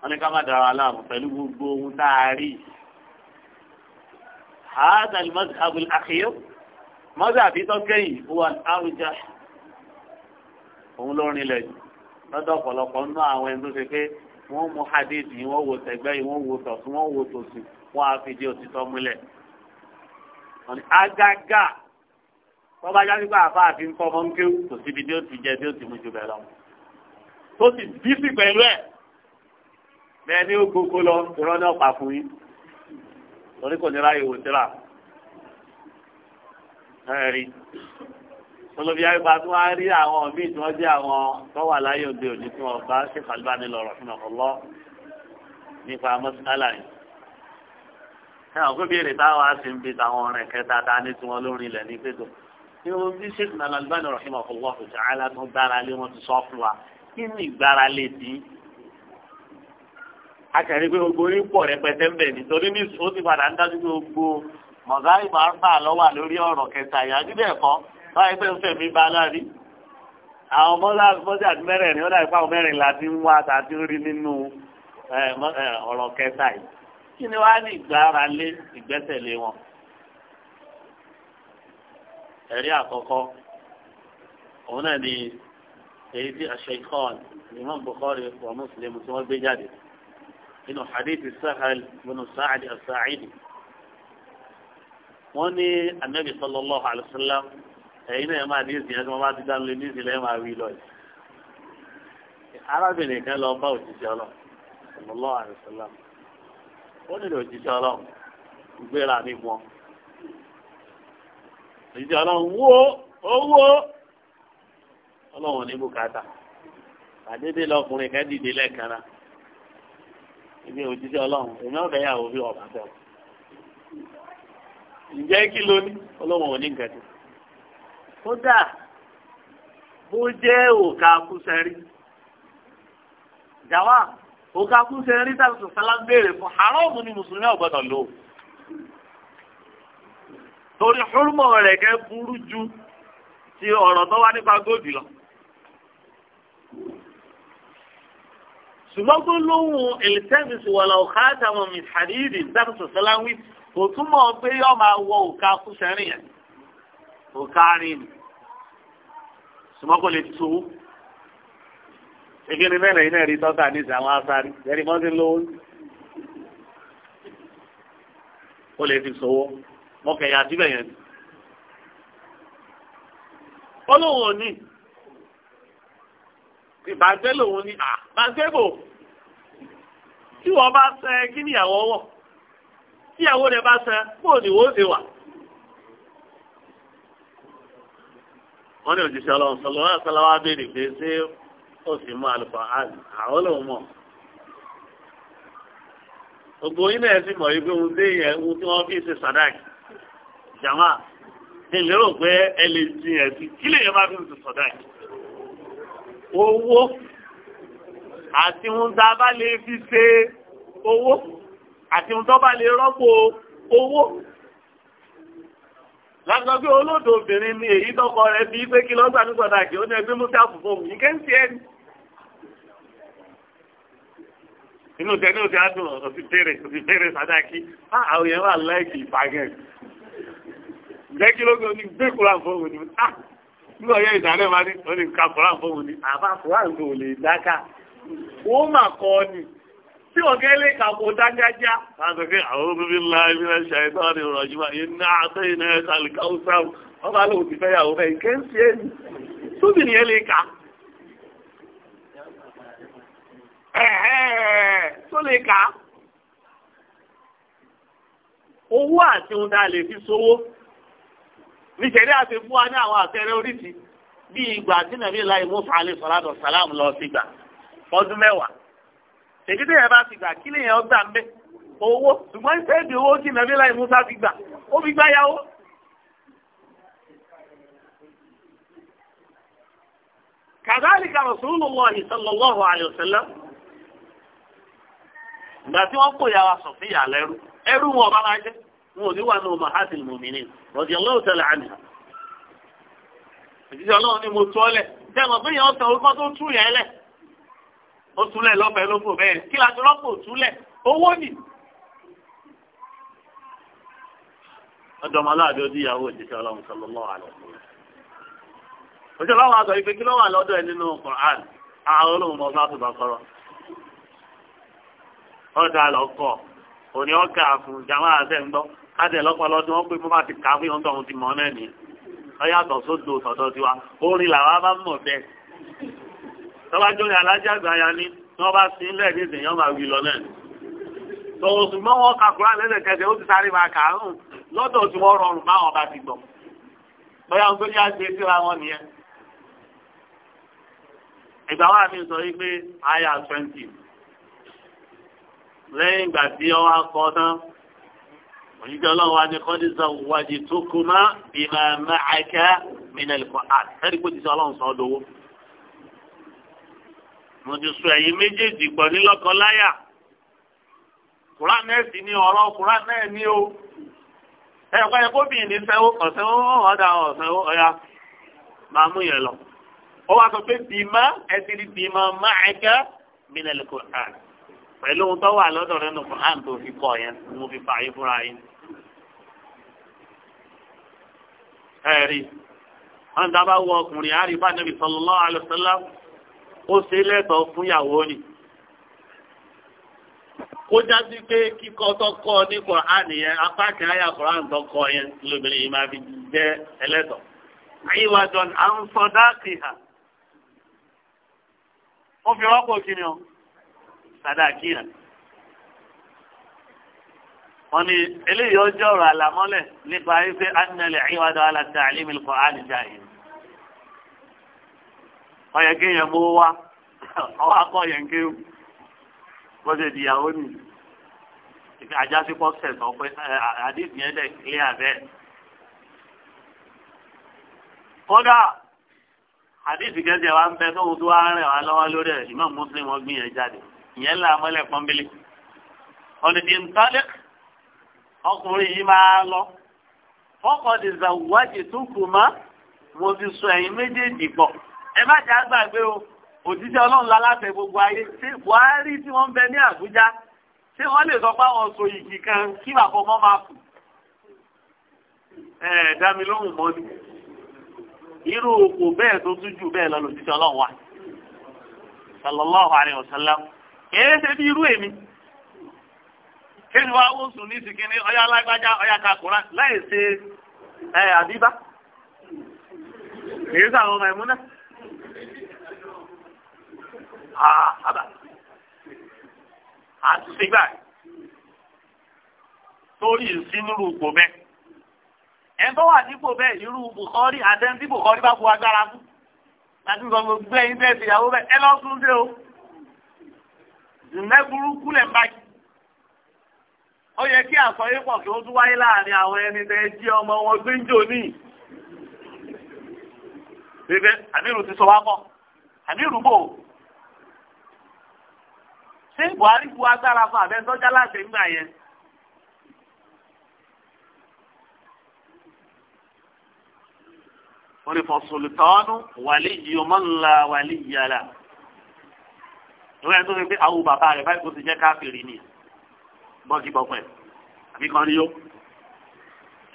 wọ́n ní ká má dara aláàmù pẹ̀lú gbogbo ohun tá a rí. هذا المذهب الأخير مذهب تكي هو الأرجح òun ló rìn lẹ́yìn lọ́dọ̀ ọ̀pọ̀lọpọ̀ nínú àwọn ẹni tó ṣe pé wọ́n mú hadith yìí wọ́n wo tẹ̀gbẹ́ yìí wọ́n wo tọ̀tún wọ́n wo tòsì wọ́n á fi dé òtítọ́ múlẹ̀. wọ́n ní agágá wọ́n bá jáde pé àfa àfi ń kọ́ ọmọ ń ké kò síbi tí ó ti jẹ tí ó ti mú ju bẹ́ẹ̀ lọ. tó sì bísí pẹ̀lú ẹ̀ bẹ́ẹ̀ ni ó gbogbo lọ ìrọ́ náà pa fún yín torí kò ní ráyè wò síra. ẹ̀rí olóbi àgbà tó wá rí àwọn míì tí wọ́n jẹ́ àwọn tó wà láyé òde òní tí wọ́n bá ṣe kàlùbáni lọ́rọ̀ fún ọ̀lọ́ nípa mọ́sálà yìí. ẹ ọ̀ pé béèrè táwọn á sì ń bi táwọn ọ̀rìn kẹta ta ní tiwọn lórí ilẹ̀ ní pẹ̀tọ́. ní o bí ṣèkì náà lálùbáni ọ̀rọ̀ fún ọ̀lọ́ kò jẹ́ àlá tó gbára lé wọn ti sọ fún wa kí ni ìgbára lè dín. a kẹ́rin pé gbogbo orí pọ̀ rẹpẹtẹ ń bẹ̀ nítorí ní ó ti padà ń dájú gbogbo mọ̀gáì máa lọ́wà lórí ọ̀rọ̀ kẹta ìyájú wọ́n yẹ pé ń fẹ̀mí ba láàrí àwọn mọ́sí àti mẹ́rẹ̀ ni ó dàbí fáwọn mẹ́rin láti ń wá àti rí nínú ọ̀rọ̀ kẹta yìí kí ni wàá ní ìgbára lé ìgbẹ́sẹ̀lé wọn. ẹ̀rí àkọ́kọ́ òun náà ni èyí tí aṣèkọ́ọ̀n Imam Bukhari wa Muslim tí wọ́n gbé jáde nínú hadith Sahal bin Sa'id as wọ́n ní anabi sallallahu alayhi wa sallam. ẹ̀yin náà máa ní ìsìn yẹn tí bá ti dánú ní ìsìn lẹ́yìn máa lọ yìí. arábìnrin kan lọ bá òjíṣẹ́ ọlọ́run ó nílò òjíṣẹ́ ọlọ́run gbéra ní wọn. òjíṣẹ́ ọlọ́run wó owó ọlọ́run ní bùkátà àdédé lọkùnrin kan dìde lẹ́ẹ̀kan náà òjíṣẹ́ ọlọ́run èmi ọ̀fẹ́ yà wò bí kódà bó jẹ́ òkà kúsẹ̀rí jàwá òkà kúsẹ̀rí tàbí sọ̀sálà ń béèrè fún haramu ni mùsùlùmí ọ̀gbọ́dọ̀ lò torí húrúmọ̀ rẹ̀ kẹ́ burú ju ti ọ̀rọ̀ tó wá nípa góòdì lọ. ṣùgbọ́n tó lóhùn ìlítẹ́bìsì wà lọ ká àtàwọn mìsàdìdì dákùsọ̀sálà ń wí kò túmọ̀ pé yọ máa wọ òkà kúsẹ̀rí yẹn òkárìn sùmọ́kò lè tu ìgbéni mẹ́rin iná ẹ̀rí tọ́ta ní ìsìn àwọn asáré ẹ̀rí mọ́tí lówó ó lè fi sọ́wọ́ mọ́kẹ̀yà síbẹ̀ yẹn ni olóhùn òní ìbàjẹ́ lòun ni à bàjẹ́ bò tí wọ́n bá sẹ́ kí níyàwó wọ̀ tíyàwó rẹ̀ bá sẹ́ kó òdìwó ṣe wà. wọ́n ní òjíṣẹ́ ọlọ́run sọ lọ́wọ́ àtàláwá béèrè pé ṣé ó sì mú àlùfà àlù àwọn lòun mọ̀. gbogbo yín náà sì mọ̀ yìí pé ohun dé yẹn ohun tí wọ́n fi ṣe sàdáàkì jàmá ẹ lérò pé ẹ lè jin ẹ̀sìn kí lè yẹn bá fi ṣe sàdáàkì. owó àti ohun tá a bá lè fi ṣe owó àti ohun tó bá lè rọ́pò owó lásán pé obìnrin ni èyí tọkọ rẹ̀ bí pé kí lọ́gbà ní sọ̀dà ó ní ẹgbẹ́ mọ́tà fúnfún òun ìkẹ́ ń ti ẹni. inú tẹ ní o ti á dùn o àwọn yẹn wà láìkì ìfàgẹ́ jẹ́ kí ló ní gbé kúrò fóun ni á nígbà yẹn ìdáná máa ní ká kúrò fóun ni àbá kúrò fóun lè dáká ó mà kọ́ ni. tí ọ̀gá ilé kàkó dájájá láti fi àwọn obìnrin ńlá ibi rẹ̀ ṣe àìtọ́ ni ọ̀rọ̀ jùlọ iná àtọ́ iná ẹ̀ka àlùkáwùsá ọba lóun ti fẹ́yàwó bẹ́ẹ̀ kẹ́ ń ṣe é ní tóbi nìyẹn lè kà tó lè kà owó àti ohun lè fi sówó àti fún wa ní àwọn àpẹẹrẹ oríṣi ìgbà tí nàbí fàálẹ̀ èkété ya bá ti gbà kí lèyàn gbà ń bẹ owó ṣùgbọ́n ìṣẹ́ẹ̀dì owó tí nàbí láì musa fi gbà ó fi gbá yàwó. kàdáàlìkà Rasulullahi sallallahu alaihi wasallam ìgbà tí wọ́n kó yàwá Sọ̀fíyà lẹ́rú ẹrú wọn bá máa jẹ́ wọn ò ní wà ní ummahatil mu'minin radiyallahu ọlọ́run ni mo tọ́ lẹ̀ bẹ́ẹ̀ ya ó túlẹ̀ lọ́fẹ̀ẹ́ ló fò bẹ́ẹ̀ kí láti rọ́pò túlẹ̀ owó nì. ọ̀dọ́mọláàbí ó díyàwó òjíṣẹ́ ọlọ́run sallallahu alaihi wasallam. òṣèlú àwọn àgbà ìpè kí ló wà lọ́dọ̀ ẹ nínú Qur'an àwọn olóhùn mọ́ bá tó bá kọ́rọ́. ọ̀dà lọ́kọ̀ òní ọ̀gá fún jàmọ́ àṣẹ ń gbọ́ káṣẹ lọ́pọ̀lọ́dún wọn pé mo bá ti kà á ti mọ̀ náà nìyẹn. ọ sódò sọ̀dọ̀ tiwa orin làwọn bá mọ̀ bẹ́ẹ̀ tọ́wájú rẹ̀ alájà gbàyà ni wọ́n bá sí ilẹ̀ ní ìsìn yọ́n máa wí lọ náà ni. tòun ṣùgbọ́n wọn kà kúrò àlẹ́ kẹsẹ̀ ó ti sáré máa kà á rùn lọ́dọ̀ tí wọ́n rọrùn báwọn bá ti gbọ̀. bóyá ń gbóyà gbé síra wọn nìyẹn. ìgbà wa mi sọ wípé aya twenty lẹ́yìn ìgbà tí ọ wá kọ tán òyìnbó ọlọ́run wa ni kọ́dí sọ wájú tó kú mọ́ ìmọ̀ mọ́ mo ti sọ ẹ̀yin méjèèjì pọ̀ nílọ́kọláyà kùránẹ́ẹ̀sì ni ọ̀rọ̀ kùránẹ́ẹ̀ ni o ẹ̀kọ́ yẹ kóbìnrin ní sẹ́wó ọ̀sẹ̀wó ọ̀dà ọ̀sẹ̀wó ọ̀yà máa mú yẹn lọ. ó wàá sọ pé bìmá ẹtì ní bìmá máa ẹ̀kẹ́ mílẹ̀ lè kùrán pẹ̀lú ohun tó wà lọ́dọ̀ rẹ̀ nù kùrán tó fi kọ̀ yẹn mo fi fà yín fúnra yín. ẹ̀rí wọn dábàá wọ ọkùnrin àrífà nàbì sallallahu alaihi wasallam ó ṣe lẹ́tọ̀ọ́ fúnyàwó ni kó jásí pé kíkọ́ tó ní Qur'an yẹn apá kan Qur'an tó yẹn lóbìnrin yìí máa fi jẹ́ ẹlẹ́tọ̀ọ́ àyíwájọ à ń sọ dáàkì hà ó fi rọ́pò kí ni ọ sàdáàkì hà wọ́n ní eléyìí ọjọ́ ọ̀rọ̀ àlàmọ́lẹ̀ nípa ayé pé àyíwájọ alàtà àlímìlì Qur'an jáde ọyẹ kéèyàn mú wá ọwọ́ akọ yẹn kéwù bó ṣe dìyàwó nì àjásí pọ̀ sẹ̀sọ̀ pé àdéhùn yẹn dẹ̀ kílẹ̀ àbẹ́ kódà àdéhùn kẹsì ẹ̀ wá ń bẹ tóun tó wá rìn wá lọ́wọ́ lórí ẹ̀ ìmọ̀ mùsùlùmí wọn gbìyànjú jáde ìyẹn là mọ́lẹ̀ pọ́nbélé ọ̀nìdì ntọ́lẹ̀ ọkùnrin yìí máa lọ fọ́kọ̀dì zàwájì tó kù mọ́ mo ti sọ ẹ̀yin méjèèjì pọ̀. ẹ má jà gbàgbé o òjíṣẹ́ ọlọ́run láláṣẹ gbogbo ayé buhari tí wọ́n bẹ ní àbújá tí wọ́n lè sọ pé àwọn so igi kan kí bàbá ọmọ máa kù ẹ dá mọ́ ni irú bẹ́ẹ̀ tó tún jù bẹ́ẹ̀ lọ lòjíṣẹ́ ọlọ́run wa ṣe bí irú èmi kí ni wàá sùn ní ọyá alágbájá ọyá kakura láì ṣe ẹ àbíbá àbá àtúnṣe gbà torí ìsínúrú ipò bẹ́ẹ̀ ẹ bọ́ wà nípò bẹ́ẹ̀ irú Bukhari àtẹ́ntí Bukhari bá bu agbára fún láti sọ gbogbo ẹyin bẹ́ẹ̀ ti ìyàwó bẹ́ẹ̀ ẹ lọ sún dé o ìmẹ́burú kúlẹ̀ ń báyìí ó yẹ kí àsọyé kí ó tún wáyé láàrin àwọn ẹni tẹ́ jí ọmọ wọn gbé ń jò ní bẹ́ẹ̀ àmì ìrù ti sọ wá pọ̀ àmì ìrù bò ṣé buhari bu agbára fún abẹ́sọ́jà láti ńgbà yẹn. wọ́n ní fọ̀sùlùtọ́nù wàlí yìí ọmọ ńlá wàlí yìí yàrá. ìwé ẹni tó fi pé àwọn bàbá rẹ̀ báyìí kò ti jẹ́ káfíìrì ni bọ́ọ̀kì bọ́pẹ́ àbí kan rí yó.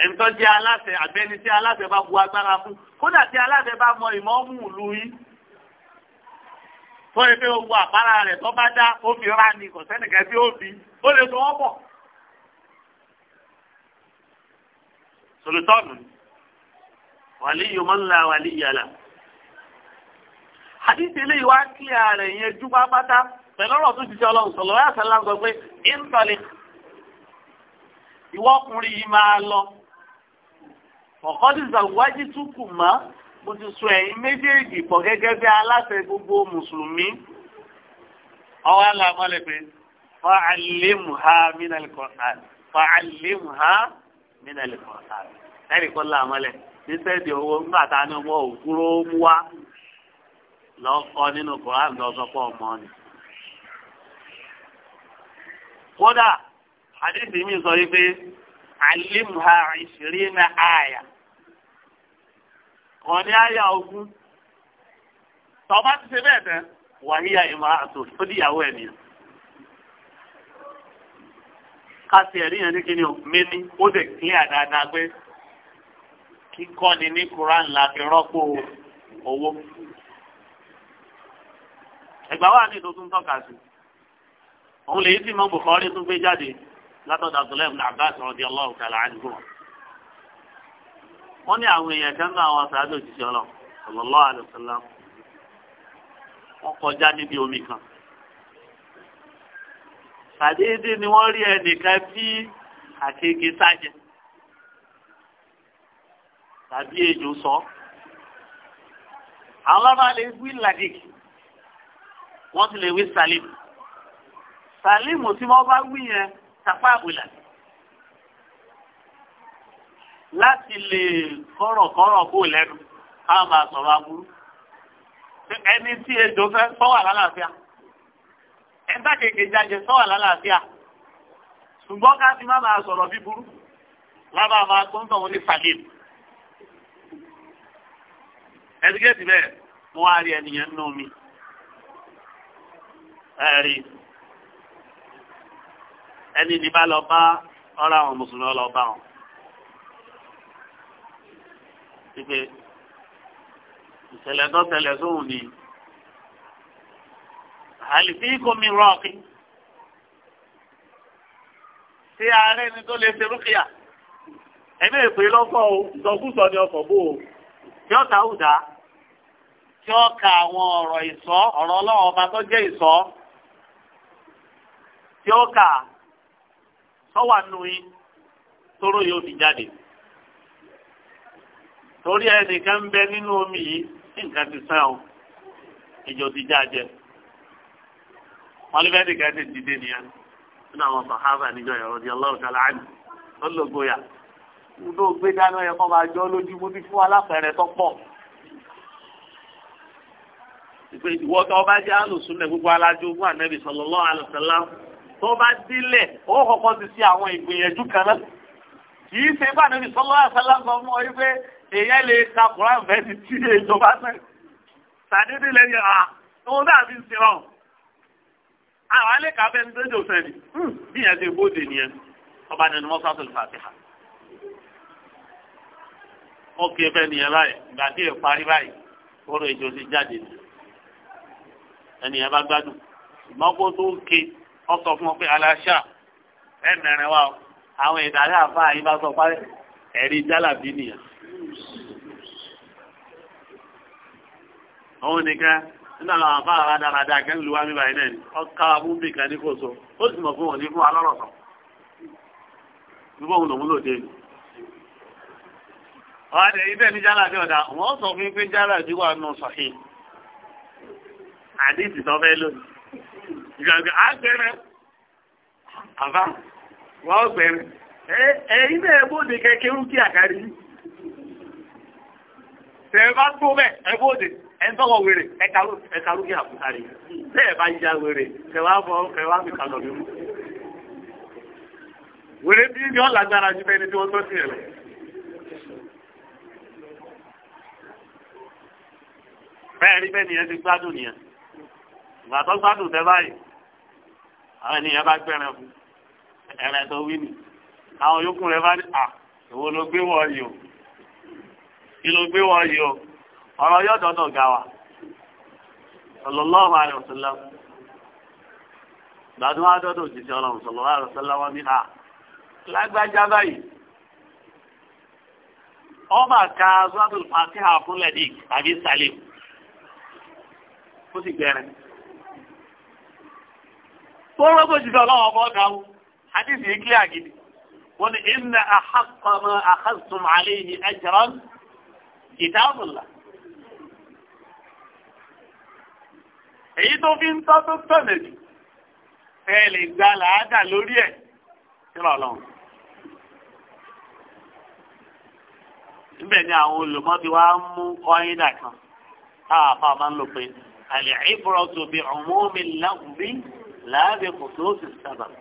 ẹni tó jẹ́ aláṣẹ àbẹ́ni tí aláṣẹ bá bu agbára fún kódà tí aláṣẹ bá mọ ìmọ̀ ọ́mù ìlú yìí tó yẹ pé owó àpárá rẹ̀ tó bá dá ó fi rà ní kò sẹ́nìkan tí ó bí ó lè tó wọ́pọ̀. sòlùtọ́ọ̀nù wàlíyù mọ́nlá wàlíyù àlà. àdìsí ilé ìwà kílíà rẹ̀ yẹn jú pápátá pẹ̀lú ọ̀rọ̀ tó ti ṣe ọlọ́run sọ̀rọ̀ láyà sẹ́lá sọ pé ìntọ́lẹ̀ ìwọ́kùnrin yìí máa lọ ọ̀kọ́dìsà wájú túkù mọ́. mo ti sọ ẹ̀yin méjèèjì pọ̀ gẹ́gẹ́ bí aláṣẹ gbogbo mùsùlùmí ọwọ́ aláàmọ́lẹ̀ pé fa alimu ha mina lè fa alimu ha mina lè ẹ̀rì kọ́ láàmọ́lẹ̀ níṣẹ́ di owó tá a ní wọ́n ò dúró wá lọ́kọ́ nínú koran ọmọ ni. kódà àdéhùn mi sọ alimu ha na àyà. wọ́n ní àyà ogún tọ́ba ti ṣe bẹ́ẹ̀ tẹ́ wàhíyà ìmọ̀ àtò ó níyàwó ẹ̀ ẹ̀rí yẹn ní kí ni o mi ní ó lè kílẹ̀ pé kíkọ́ ní koran la fi rọ́pò owó. ẹ̀gbá wà ní ìdókún tọ́ka sí òun lè yí tí tún gbé jáde látọ̀dọ̀ Abbas wọ́n ní àwọn èèyàn kan náà àwọn sàádé òjíṣẹ́ ọlọ́run sallallahu alaihi kọjá níbi omi kan sàdéédé ni wọ́n rí ẹnìkan bí àkeke sájẹ tàbí ejò sọ àwọn máa lè wí ladik wọ́n sì lè wí salim salim tí wọ́n bá wí yẹn tapá àbúlà láti lè kọ́rọ̀kọ́rọ̀ kó lẹ́nu á máa sọ̀rọ̀ aburú ẹni tí ejò fẹ́ sọ́wà lálàáfíà ẹ̀ńtà kèké jajẹ sọ́wà lálàáfíà ṣùgbọ́n ká ti má máa sọ̀rọ̀ bíburú lábàá máa tó ń tàn wọn ní salim ẹ̀dígẹ́tì bẹ́ẹ̀ mo wá rí ẹnìyẹn nínú mi ẹ̀rí ẹni ní bá lọ bá ọ̀rọ̀ àwọn mùsùlùmí ọlọ́ọ̀bá wọn. pípé ìṣẹ̀lẹ̀ tó ṣẹlẹ̀ sóhùn ni àlìfí kò rọ́ọ̀kì tí ààrẹ ni tó lè ṣe rúkìá ẹ̀mí èpè lọ́kọ̀ o ìsọkúsọ ni ọkọ̀ bó o tí ó ta tí ó ka àwọn ọ̀rọ̀ ìsọ ọ̀rọ̀ ọba tó jẹ́ ìsọ tí ó ka sọ́wà tóró fi jáde. torí ẹnìkan ń bẹ nínú omi yìí nǹkan ti sàn o ìjọ ti já jẹ wọn lé bẹ́ẹ̀ nìkan ti dìde nìyẹn nínú àwọn sàhábà níjọ yẹn rọdí ọlọ́run kan láàánú wọn lò gbóyà wọn ló gbé dáná yẹn kọ́ máa jọ lójú mo ti fún alápẹ̀rẹ̀ tó pọ̀ ìpè ìwọ tó bá jẹ́ alùsùn lẹ̀ gbogbo alájú fún ànábì sallallahu alaihi wasallam tó bá dílẹ̀ ó kọ́kọ́ ti sí àwọn ìgbìyànjú kan náà kì í ṣe bá ànábì sallallahu alaihi wasallam sọ fún èèyàn lè ka kùrán fẹ́ ti tí ìjọba sẹ́ sàdédé lẹ́yìn à òun náà fi sírọ̀ àwọn alẹ́ka fẹ́ ní tẹ́jọ́ sẹ́ni bí yẹn ti bóde nìyẹn ọba nínú mọ́sáàtò fàtíhà wọ́n kí ẹfẹ́ nìyẹn báyìí ìgbà tí ẹ parí báyìí ọ̀rọ̀ ìjọ ti jáde nìyẹn ẹnìyẹn bá gbádùn ìmọ̀kó tó ń ké ọkọ̀ fún ọ pé aláṣà ẹ̀mẹ̀rin wa àwọn ìdálẹ́ àfáà yìí bá sọ parẹ́ ẹ̀rí jálàbí nìyẹn. òun nìkan nínú àwọn àbá àradáradá akẹ́lù wa bíbá iná ni ọkà abúmbì kan ní kò so ó sì mọ̀ fún wọn ní fún wa lọ́rọ̀ sọ. gbogbo òun lòun lòdì ni. ọ̀dẹ̀ ibẹ̀ ní jálàbí ọ̀dà wọ́n sọ fún mi pé jálàbí wà nù sọ̀hìn. àdìsí tó fẹ́ lónìí. ìgbàgbé àgbẹ̀rẹ̀ àbá wọ́n gbẹ̀rẹ̀. ẹ̀yìn náà ẹgbóde kẹkẹrú kí àkárí tẹ̀ẹ̀ bá tó bẹ́ẹ̀ ẹgbóde ẹ̀ńtọ́wọ̀ wèrè ẹ̀kàrú kí àkútàrí tẹ̀ẹ̀ bá ya wèrè tẹ̀wàá fọ́ fẹ́wàá fi kàlọ̀ lórí wèrè bí ní ọ̀la gbára ju bẹ́ẹ̀ ni tí wọ́n tọ́ sí ẹ̀ lọ. bẹ́ẹ̀ àwọn yòókù rẹ̀ bá ní à ìwọ ló gbé wọ yìí o kí ló gbé wọ yìí o ọ̀rọ̀ yóò dọ́dọ̀ ga wa sallallahu alaihi wasallam gbàdún wa dọ́dọ̀ òjijì ọlọ́run sallallahu alaihi wasallam wọn ní à lágbájá báyìí ọba ka zọ́dún fàtíhà fún lẹ́dík àbí salim ó sì gbẹ̀rẹ̀ tó rọ́gbọ́n jùlọ ọlọ́run ọmọ ọ̀gá wọn àdìsí ìkílẹ̀ àgìdì wọ́n ní inna ahaqqa ma akhadtum alayhi ajran kitabullah. èyí tó fi ń tọ́ tó tọ̀nà jù ẹ lè gba làádà lórí ẹ̀ sílọ̀ ọlọ́run. níbẹ̀ ni àwọn olùkọ́ ti wá ń mú ọyìn dà táwọn afá máa ń lò pé al-ibratu bi umumi al-lafzi la bi khususi as-sabab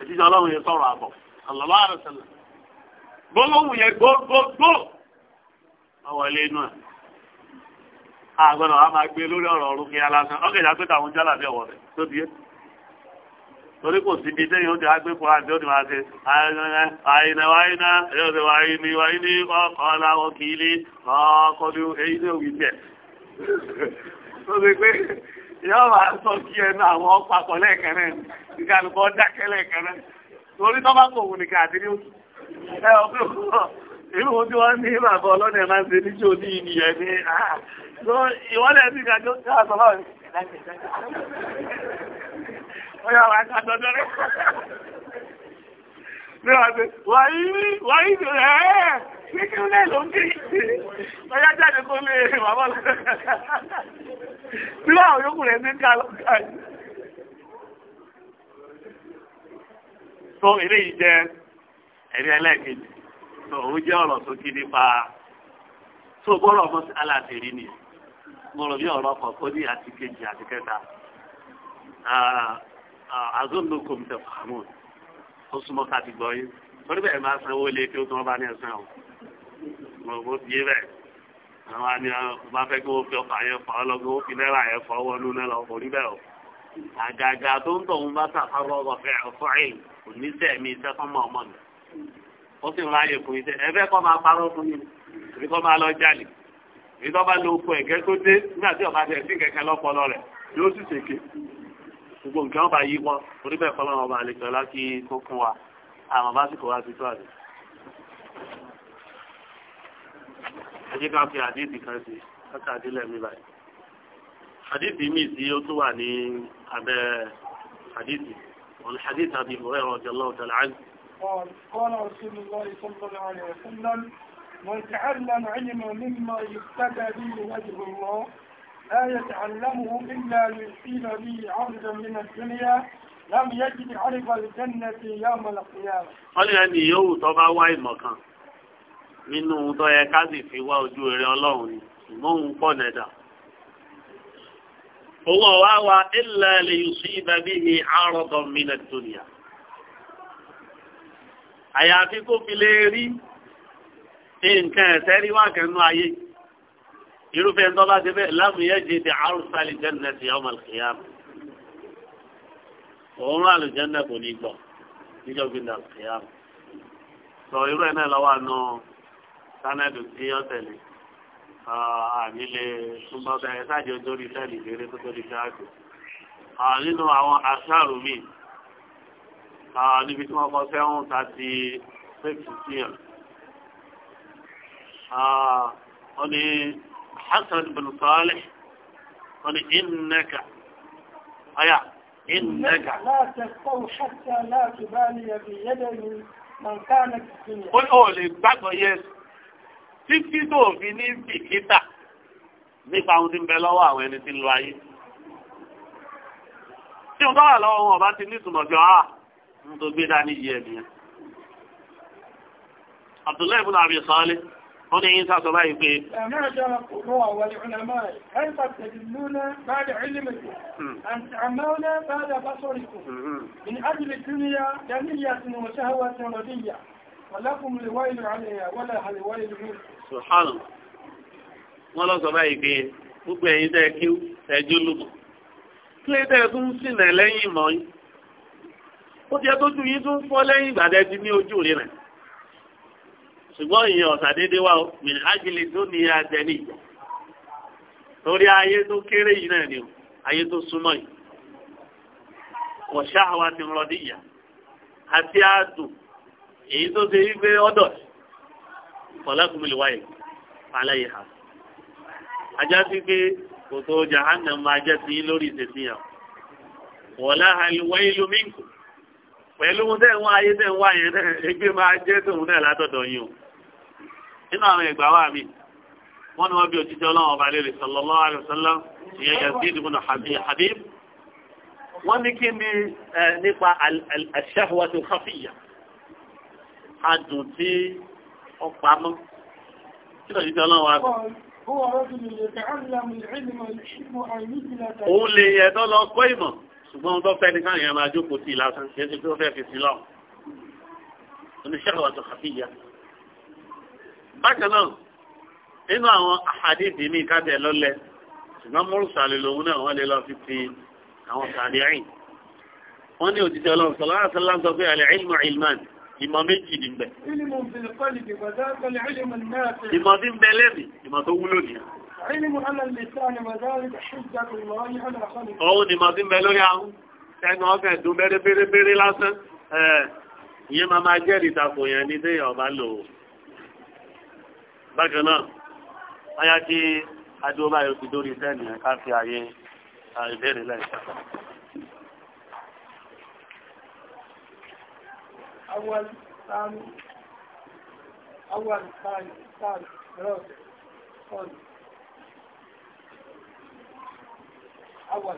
ètùjọ ọlọ́run yẹn sọ̀rọ̀ àbọ̀ àlọ́lá àrẹ̀sẹ̀lẹ̀ gbólóhùn yẹn gbógbógbó ọwọ́ ilé inú ẹ̀ àgbọ̀nà wa máa gbé lórí ọ̀rọ̀ ọ̀run kí alásán ọ̀kẹ́ ìjà pé tàwọn jálà bí ọ̀wọ̀ rẹ̀ tó di é torí kò sí ibi tẹ́yìn ó ti gbé fún àti ó ti máa ṣe àìnà wáyínà ẹ̀yọ́ ti wáyíní wáyíní ọkọ̀ láwọn kìí lé ọkọ̀ ní èyí ní òwì tẹ̀ tó ti pé ìyá wa sọ kí ẹnu àwọn ọpapọ̀ lẹ́ẹ̀kẹ́rẹ́ ìkàlùkọ́ dákẹ́ lẹ́ẹ̀kẹ́rẹ́ torí tó bá kòwò nìkan àdírí òtù ẹ ọ̀pẹ́ ìlú tí wọ́n ní bàbá ọlọ́nà ẹ̀ máa ń ṣe ní jò ní ìnìyàn ní ìwọ́lẹ̀ sí ìgbàjọ́ káàkọ́ báwọn ọ̀yà wà ká dọ́dọ́ Kíkún ilé yìí ẹ̀rí ẹlẹ́ẹ̀kejì. Tó ó jẹ́ ọ̀rọ̀ tó kí nípa. Tó gbọ́dọ̀ fún aláàtẹ̀rí ni. Mo bí ọ̀rọ̀ ọkọ̀ tó ní àti kejì àti kẹta. Àzónúkòm tẹ̀ fàmù. Ó súnmọ́ ká ti gbọ́ yín. Torí bẹ́ẹ̀ máa sanwó ilé kí ó tún bá ní ẹ̀sán ọ̀hún gbogbo bíi bẹ́ẹ̀ àwọn àni ọba fẹ́ kí wọ́n fi ọkọ̀ yẹn fọ́ ọlọ́gbọ́n wọ́n fi náírà yẹn fọ́ wọnú náà lọ kò rí bẹ́ẹ̀ o àgàgà tó ń tọ̀ ń bá sàfàrọ̀ ọ̀fẹ́ ọ̀fọ́ ẹ̀ kò ní sẹ́ẹ̀mí iṣẹ́ fọ́mọ ọmọ mi ó sì ń ráyè fún iṣẹ́ ẹ fẹ́ kọ́ máa parọ́ fún mi èmi kọ́ máa lọ jalè èmi tó bá lo oko ẹ̀gẹ́ tó dé nígbà tí ọba tẹ̀ sí kẹ̀kẹ́ lọ́pọlọ rẹ̀ yóò sì ṣèké gbogbo nǹkan ọba yí wọn orí bẹ́ẹ̀ fọlọ́run ọba àlejò ọlá ẹjẹ́ ká fi àdéhìí kan sí káka àdéhìí mi báyìí àdéhìí mi tí ó tún wà ní abẹ́ àdéhìí wọn àdéhìí àbí ìwúrẹ́ ọ̀jọ̀ lọ́wọ́ tẹ̀lé àná. قال رسول الله صلى الله عليه وسلم من تعلم علما مما يقتدى به وجه الله لا يتعلمه إلا يصيب به عرضا من الدنيا لم يجد عرض الجنة يوم القيامة. قال يعني يوم طبعا وايد مكان nínú ohun tó yẹ ká sì fi wá ojú rere ọlọ́run ni ṣùgbọ́n òun pọ̀ nẹ̀dà. òun ọ̀wá wa ilẹ̀ lè sí ìbẹ̀bí ni àròdọ̀ mílẹ̀ tóníà. àyàfi kó fi lè rí nǹkan ẹ̀sẹ̀ rí wá kẹ́nu ayé irúfẹ́ ń tọ́ba ti bẹ́ẹ̀ lámùyẹ́ jèdè àrùsálì ọmọ ìkìyàm. òun àlùjẹ́nẹ̀ kò ní gbọ̀ níjọ́ gbìndà ìkìyàm. sọ irú ẹ̀ náà lọ́wọ́ àná sanadu tí yọ tẹ̀lé àmì lè túnbọ̀ bẹ́ẹ̀ sáàjì ojórí tẹ́lẹ̀ ìbéèrè tó tóbi káàkiri. nínú àwọn aṣáàrù mi níbi tí wọ́n kọ́ sẹ́wọ̀n ta ti fẹ́ẹ̀kì síyàn. wọ́n ní hasan bin salih wọ́n ní innaka ọ̀yà innaka. láti kọ́ ṣàtà láti bá ní ẹ̀bí yẹ́dẹ̀ ni mọ̀nkánà kìkìnì. ó lè gbàgbọ́ yẹ́sì títí tó fi ní bìkítà nípa ohun tí ń bẹ lọ́wọ́ àwọn ẹni tí ń lo ayé. tí wọ́n bá lọ́wọ́ wọn ọba ti ní ìtumọ̀ jọ ń ah, tó gbé dání yìí ẹ̀ nìyẹn. Abdullahi ibn Abi Salih ó ní yín sásọ báyìí pé. ẹ̀mẹ́rẹ̀ jẹ́ Subhanahu. Wọ́n lọ sọ báyìí pé gbogbo ẹ̀yin tẹ́ kí ẹjọ́ lùmọ̀. Kílé tẹ́ tún sìnà lẹ́yìn mọ́ yín. Ó jẹ́ tójú yín tún fọ́ lẹ́yìn ìgbàdẹ́ ti ní ojú rí rẹ̀. Ṣùgbọ́n ìyẹn ọ̀sà déédéé wà ó, ágìlì tó ní adẹ́ni. Torí ayé tó kéré yìí náà ni o, ayé tó súnmọ́ yìí. Ọ̀ṣá àwa ti rọ̀ níyà. Àti àdùn èyí tó ṣe wípé ọ̀dọ̀ fọlákùnmílì wáyé aláyé ha ajá sí pé kò tó jahannam máa jẹ́ sí lórí ìṣèṣìyàn wọ̀lá àlùwáyé lomínkù pẹ̀lú ohun tẹ́wọ́n ayé tẹ́wọ́n ayé ẹgbẹ́ máa jẹ́ tòun náà látọ̀dọ̀ yìí o nínú àwọn ìgbà wà mí wọ́n ni wọ́n bí òjíjẹ́ ọlọ́run ọba lèrè sallallahu alaihi wasallam ìyẹn Yazid ibn Habib wọ́n ní kí ni nípa ash-shahwatu adùn tí ó pamọ́ kí lọ jíjọ ọlọ́run wa. Òun lè yẹ tó lọ kọ́ ìmọ̀ ṣùgbọ́n tó fẹ́ ní káwọn èèyàn máa jókòó sí lásán kí ẹsẹ̀ tó fẹ́ fi sí lọ. Oníṣẹ́ àwọn àtọ̀ kàfíyà. Bákan náà, nínú àwọn àhàdìdì ní ìkádẹ lọ́lẹ̀, ṣùgbọ́n mọ́rùsàlẹ̀ lòun náà wọ́n lè lọ fi ti àwọn sàdírìn. Wọ́n ní òjijì ọlọ́run sọ̀rọ̀ àti láǹtọ́ pé àlẹ́ ìlmọ̀ ìlmán ìmọ̀ méjì ní bẹ̀. ìmọ̀ tí ń bẹ lẹ́mì ìmọ̀ tó wúlò ní ọ̀hún ìmọ̀ tí ń bẹ lórí ahun ẹnu ọ̀fẹ́ dún bẹ́rẹ́ bẹ́rẹ́ bẹ́rẹ́ lásán ìyẹn máa máa jẹ́ ìtakò yẹn ní déyàn ọba lò ó bákan náà ayá kí adúlọ́ báyọ̀ ti dórí sẹ́ni ká fi àyè ìbéèrè lẹ́yìn. أول ثاني أول ثاني ثالث رابع خامس أول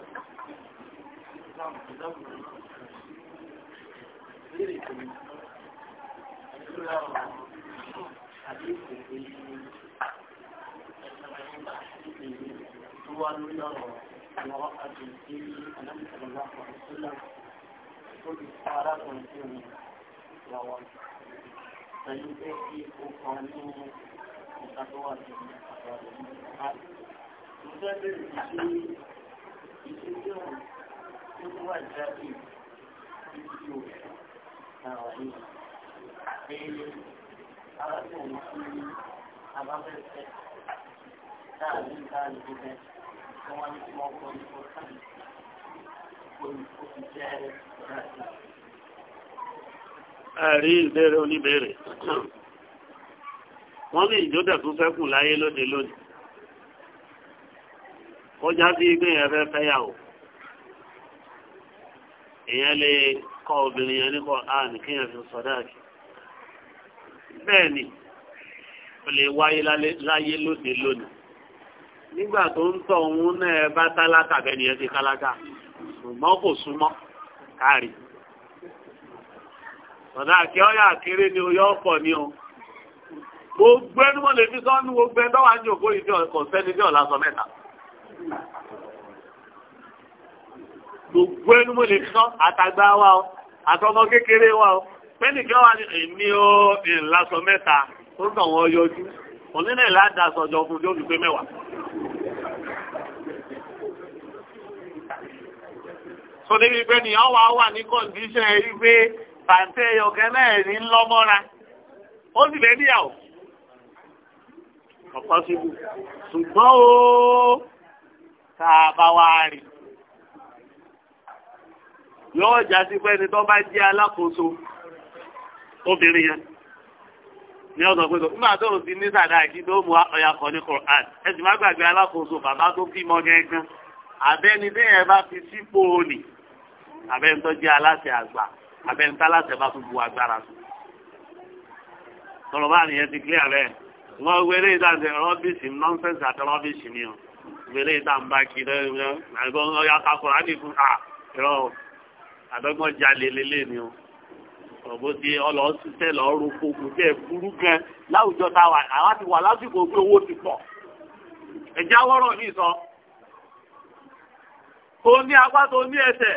حديث المرأة في النبي صلى الله عليه وسلم كل استعارات فيهم lọ́wọ́ pẹ̀lú pé kí ó kọ ní ìta tó wà ní àgbàdo ní ìpàdé. Mo fẹ́ bẹ̀rẹ̀ ìṣe ìṣe tí ó tó tó wà jáde títí o náà yìí. Pé ara tó ń fi abáfẹ́fẹ́ náà ní ìta ìdíbẹ̀ tí wọ́n ní kí wọ́n kọ́ ní kọ́tà. Olùkọ́ ti jẹ́ ọ̀rẹ́ àti ìṣẹ́ ẹ̀rí ìbéèrè oníbéèrè wọ́n ní ìjọ́dẹ̀ tó fẹ́kù láyé lóde lónìí ó já sí pé èèyàn fẹ́ fẹ́yàwó èèyàn lè kọ́ obìnrin yẹn nípa ààrùn kí èèyàn fi sọ̀dáàkì bẹ́ẹ̀ ni ó lè wáyé láyé lóde lónìí nígbà tó ń tọ̀ òun náà bá tálákà bẹ́ẹ̀ ni ti kálákà ṣùgbọ́n kò súnmọ́ káàrí ọ̀dà àti ọ̀yà kéré ni oyọ́ pọ̀ ni o gbogbo ẹni mo lè fi sọ́nù gbogbo ẹni tọ́wà ní òkú ìdí ọ̀kọ̀ sẹ́ni ní ọ̀la sọ mẹ́ta gbogbo ẹni mo lè fi sọ́ àtàgbà wa o àtọmọ kékeré wa o pẹ́ẹ́nì kí wọ́n wá ní èmi ó ìlà sọ mẹ́ta tó ń tàn wọ́n yọjú onílẹ̀ ìlàdà sọ̀jọ̀ fún tó fi pé mẹ́wàá. sọ débi pé nìyàwó wa wà ní kọ́ndíṣẹ̀ yìí pé. pàǹtẹ ọ̀kẹ́ náà ní lọ́mọ́ra ó sì lè níyàwó ọ̀pọ̀ síbù ṣùgbọ́n o tá a rí sí pé ẹni tó bá jẹ́ alákòóso obìnrin yẹn ní ọ̀sán pé tó nígbà tó ti ní sàdáàkì tó mú ọ̀yà kan ní Quran ẹ má gbàgbé alákòóso fi sípò tá abẹ́ntálàṣẹ bá tún bu agbára sí. sọ̀rọ̀ báyìí yẹn ti clear rẹ̀ wọ́n wéré ìdáǹdẹ̀ rọ́bìsì nọ́ńsẹ̀nsì àti rọ́bìsì ni o wéré ìdáǹbá kiri ẹ̀gbọ́n ọ̀yà kakọ̀rọ̀ á nìkú à ìrọ̀ àdọ́gbọ́n jalè lélẹ̀ ni o ọ̀bọ ti ọlọ́ ṣiṣẹ́ lọ́ọ́ ro kókò tẹ́ burú gan láwùjọ ta wà àwa ti wà lásìkò pé owó ti pọ̀ ẹ̀já wọ́rọ̀ mi sọ tó ní apá tó ní ẹsẹ̀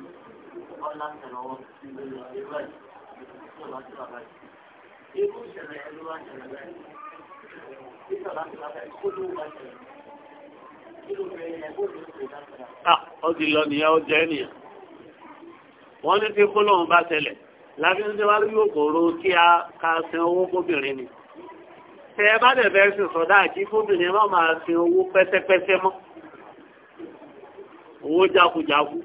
ọlá tẹ̀lọ́wọ́ sí lórí ẹ̀rọ ẹ̀ tó bá ti bàbá yìí. Ikú ìṣẹ̀lẹ̀ ẹ̀rọ wa ṣẹlẹ̀ bẹ́ẹ̀. Títọ̀ láti bàbá yìí kó ló wá ṣẹlẹ̀. Kí ló bẹ ẹ̀ bó ó ti lọ nìyẹn, ó jẹ́ nìyẹn. Wọ́n ní kí kólóhùn bá ṣẹlẹ̀. Lábí ń tẹ́wá yóò kóró kí a ka sin owó kóbìnrin ni. Tẹ ẹ bá dẹ̀ bẹ́ẹ̀ sì sọ̀dá kóbìnrin má máa sin owó pẹ́sẹ́pẹ́sẹ́ mọ́. Owó jákujáku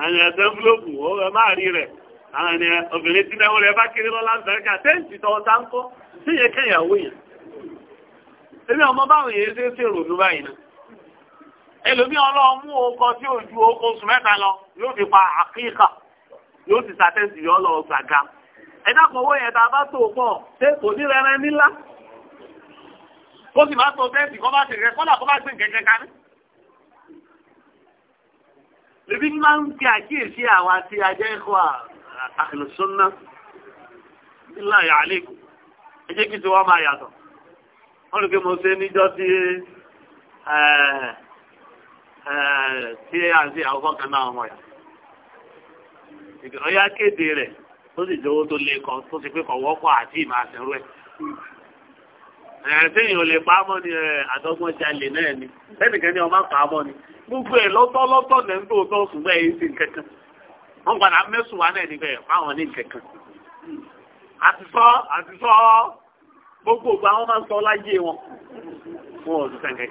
àwọn ẹ̀sẹ̀ fúlọ́pù ó rẹ máa rí rẹ̀ àwọn ẹni obìnrin tí náà rẹ̀ bá kiri lọ́la bẹ̀rẹ̀kà tẹ́ǹtì tọ́ ọ̀tá ń kọ́ sí yẹ kẹ́yàwó yẹn èmi ọmọ báwọn yẹn ṣe ṣe ròdú báyìí náà ẹlòmí ọlọ́run mú ọkọ tí ò ju oṣù mẹ́ta lọ yóò fi pa àkíkà yóò ti sàtẹ́ǹtì yọ lọ gbàgà ẹ̀dá kan owó yẹn tá a bá tó pọ̀ ṣé kò ní rẹrẹ nílá kó sì má tó tẹ́ǹtì kọ́ bá ṣe rẹ kọ́là kó bá ṣe lèbí máa ń fi àkíyèsí àwọn àti ajẹ́ ẹ̀kọ́ àkìlùsọ́nà nílá ìyàlẹ́kù ẹjẹ́ kí ti wá máa yàtọ̀ wọ́n lè pé mo ṣe níjọ́ tí tí a ń ṣe àwọn kan náà ọmọ yà ìgbìyànjú kéde rẹ̀ tó ẹ̀ẹ́dẹ́yìn ò lè pa mọ́ ni àdọ́gbọ́n jalè náà ni ẹnìkan ni ọmọ pa mọ́ ni gbogbo ẹ̀ lọ́tọ́ lọ́tọ́ lẹ́ ń ṣùgbọ́n èyí sì kankan wọ́n padà mẹ́sùn wa náà níbẹ̀ fáwọn ní kankan. àtisọ́ àtisọ́ gbogbo ògbà wọn máa ń sọ láyé wọn wọn ò dùn kankan.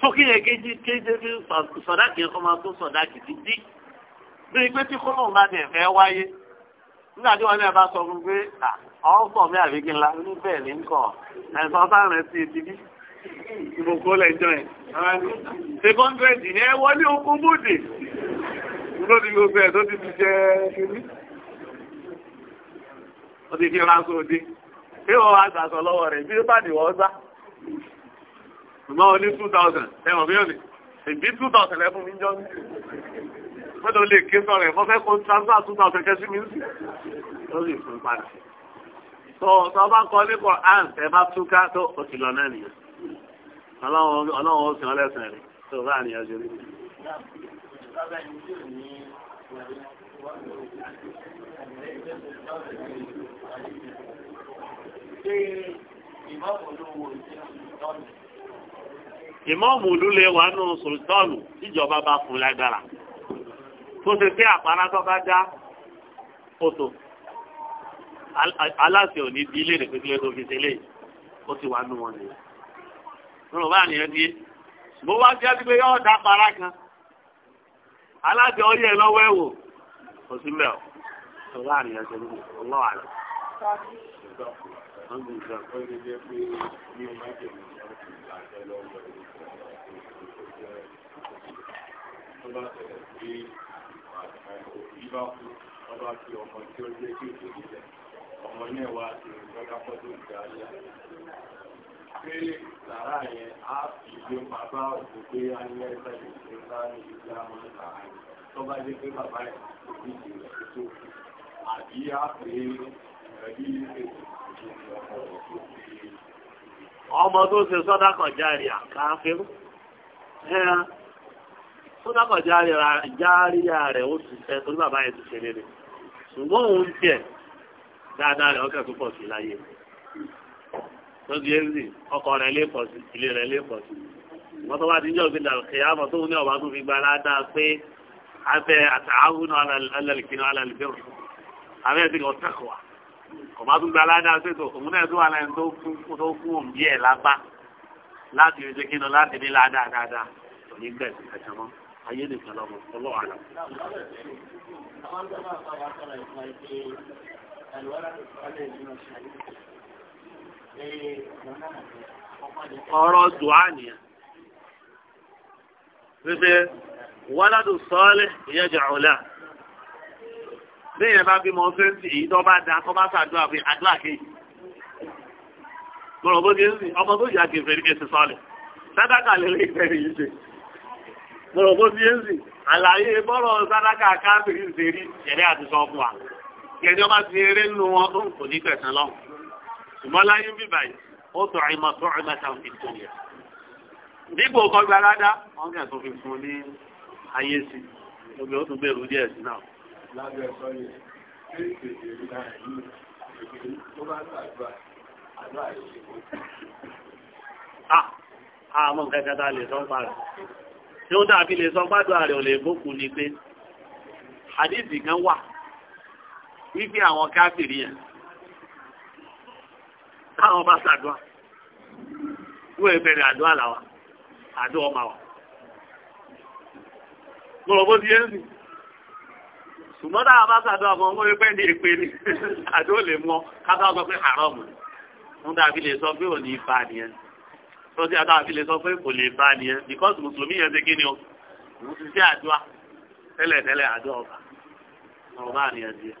sókè yẹn kéjì kéjì fi sọ̀dáàkì ẹ̀kọ́ máa tó sọ̀dáàkì ti dí bí pé tí kọ́mọ̀ bá tẹ̀ fẹ́ wáyé nígbà tí wọn náà bá sọ fún pé ọ̀hún pọ̀ mí àbíkí ńlá ní bẹ́ẹ̀ ní nǹkan ẹ̀sán sáàrin sí ti bí ìbòkó lẹ́jọ́ ẹ̀ ṣe ní ẹ wọlé okun bòdè ló gbogbo ẹ̀ tó ti fi jẹ́ kíní ó ti fi ránṣọ òde ṣé wọ́n wá gbàsọ lọ́wọ́ rẹ̀ bí ó bá dì wọ́n sá ṣùgbọ́n mọ́tò lè ké sọ̀rọ̀ ẹ̀ fọ́fẹ́ kó transfer two thousand kẹ́sí mi sí ó sì fún padà tó tó bá kọ ní kọ án ẹ bá túká tó o ti lọ náà nìyẹn ọlọ́run ọlọ́run ó sì wọn lẹ́sìn rẹ̀ tó bá nìyẹn ṣe rí. ìmọ̀ọ́mù ìlú lè wà nù sòlítọ́ọ̀nù tíjọba bá fún lágbára tó ṣe pé àpárá tó bá dá kótó aláṣẹ òní di ilé rẹ̀ pé kílẹ̀ tó fi ṣe lé ó ti wà nù wọn nìyẹn. lọ́rọ̀ bá nìyẹn di bó wá sí ẹbí pé yóò dá para kan aláṣẹ ọyẹ lọ́wọ́ ẹ̀wò kò sí mbẹ́ o bá nìyẹn ṣe nìyẹn ọlọ́wà rẹ̀. Thank you ọmọ ilé wa ti ìjọba pọ́tò ìdáyà pé sàrà yẹn á fi ilé bàbá òkú pé a ní ẹgbẹ́ ìṣẹ́ bá ní ìgbà wọn sàrà tó bá dé pé bàbá ẹ̀ kò ní ìjìnlẹ̀ tó àbí á pè é ẹbí ìṣẹ́ ọmọ òkú pé ọmọ tó ṣe sọ́dákọ̀ járe àkáfírú ẹran sọ́dákọ̀ járe rẹ̀ ó ti ṣẹ́ torí bàbá yẹn ti ṣe lélẹ̀ ṣùgbọ́n òun tiẹ̀ dáadáa rẹ̀ ọkẹ́ tó pọ̀ sí láyé lọ́dún yéèzì ọkọ rẹ̀ lè pọ̀ sí ilé rẹ̀ lè pọ̀ sí wọ́n tó bá ti ń jọ́ gbé dàrú kẹ́yà mọ̀ tó ní ọ̀bá tó fi gba dáadáa pé afẹ́ àtàwọn alẹ́lẹ́kìnnú alẹ́lẹ́bẹ̀rù afẹ́ ti kọ́ tẹ̀kọ̀wá ọ̀bá tó gba dáadáa pé tó òun náà tó wà lẹ́yìn tó kú tó kú òun bí ẹ̀ lápá láti rí sékínú láti ní ládàá dáadáa òní gbẹ̀sì kẹsàn-án ayé nìkan lọ́mọ ọlọ́wàá lọ. ọrọ dùá wípé wọ́ládù sọ́ọ́lẹ̀ ìyẹn jẹ́ ọ̀la léèyàn bá bímọ fẹ́ǹtì èyí tó bá da kọ́ bá sàdúrà fún àdúrà kejì mọ̀rọ̀ bó ti ń kẹsì sọ́ọ̀lẹ̀ sádàkà lè rí ìfẹ́ yìí ṣe mọ̀rọ̀ bó ti ẹni ọba ti eré nínú wọn tó ń kò ní tẹ̀sán lọ́wọ́ ṣùgbọ́n láyé ń bì báyìí ó tọ̀ ìmọ̀ tó ìmọ̀ tàn fi tó yẹ. dípò kọgbà ládá wọn kẹ̀ tó fi fún ní ayé sí obì ó tún bẹ̀rù díẹ̀ sí náà. lábẹ́ ẹ̀sọ́ yẹn ṣé ìpèsè ìrìnà yìí tó bá gbàgbà àdúrà yìí àmọ́ kẹta lè sọ́pá rẹ̀. Tí ó dàbí lè sọ́pá dùn àrẹ̀ ò lè bókun ni pé, àdìsí kan wà wípé àwọn káfìrí yẹn táwọn bá ṣàdúrà wọ́n ìbẹ̀rẹ̀ àdúrà làwà àdúrà ọmọ wa gbọ́dọ̀ bó ti yẹn sì ṣùgbọ́n táwọn bá ṣàdúrà fún ọmọ wípé ní èpè ni àdúrà lè mọ káfà sọ pé haram ń dàbí lè sọ pé ò ní fa nìyẹn tó ti àtàwọn àfi lè sọ pé kò lè fa nìyẹn because mùsùlùmí yẹn ti kí o mo ti ṣe àdúrà tẹ́lẹ̀ tẹ́lẹ̀ àdúrà ọba ọba nìyẹn ti yẹn.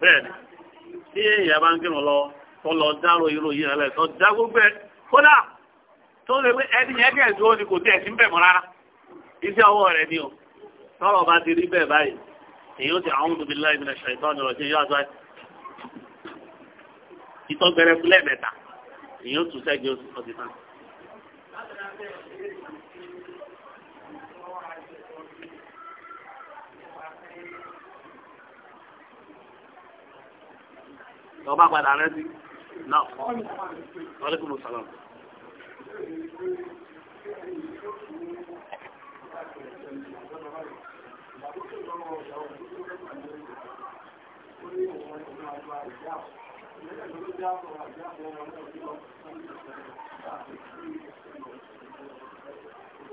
bẹ́ẹ̀ni tí èèyàn bá ń kírun lọ tó lọ dárò irú yìí rẹ̀ tó dá gbogbo ẹ̀ kódà tó lè pé ẹni yẹn kẹ̀ tó ni kò tẹ̀ sí bẹ̀ mọ́ rárá iṣẹ́ ọwọ́ rẹ̀ ni o tọ́rọ̀ bá ti rí bẹ́ẹ̀ báyìí èyí ó ti a'udhu billahi minash shaitani rajim yóò àtúwáyé ìtọ́gbẹ̀rẹ̀ fúlẹ̀ mẹ́ta èyí ó tún sẹ́gi ó ti tán. ọba padà rẹ sí náà wàlẹ́kùn sọ̀rọ̀.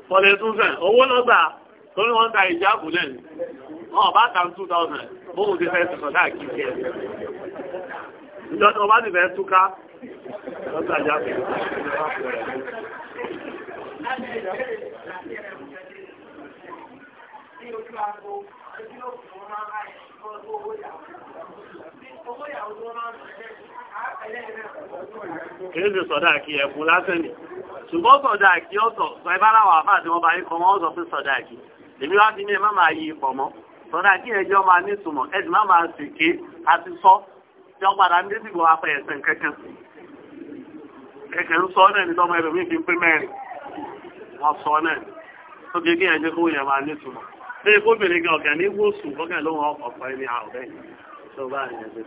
Fọlẹ̀ tún fẹ̀, owó lọ́gbà torí wọ́n ta ìjáàbù lẹ́nu. Wọ́n bá two thousand, bóun ti fẹ́ sọ̀tọ̀ láàkiri ẹ̀ ìjọ tó bá nìfẹ́ túká kìí ṣe sọ̀dá kí ẹ̀kún lásán ṣùgbọ́n sọ̀dá kí ọ̀sọ̀ sọ ìbáláwà àfáà tí wọ́n bá yíkọ mọ́ ọ̀sọ̀ fún sọ̀dá kí èmi wá fi ní ẹ máa yí ipọ̀ mọ́ sọ̀dá kí ẹjọ́ máa ní ìtumọ̀ ẹ̀dì tí wọ́n padà ń dé sígbò apẹ ẹ̀sẹ̀ kẹ̀kẹ́ kẹ̀kẹ́ ń sọ náà nígbà ọmọ ẹlòmí fi ń pín mẹ́rin wọ́n sọ náà tó kí kí ẹjẹ́ kó yẹn máa nítumọ̀ bí ikú obìnrin gan ọ̀gá ní wọ́sùn lọ́gà ló wọn ọ̀pọ̀ ẹni àwọn tó bá yẹn dé.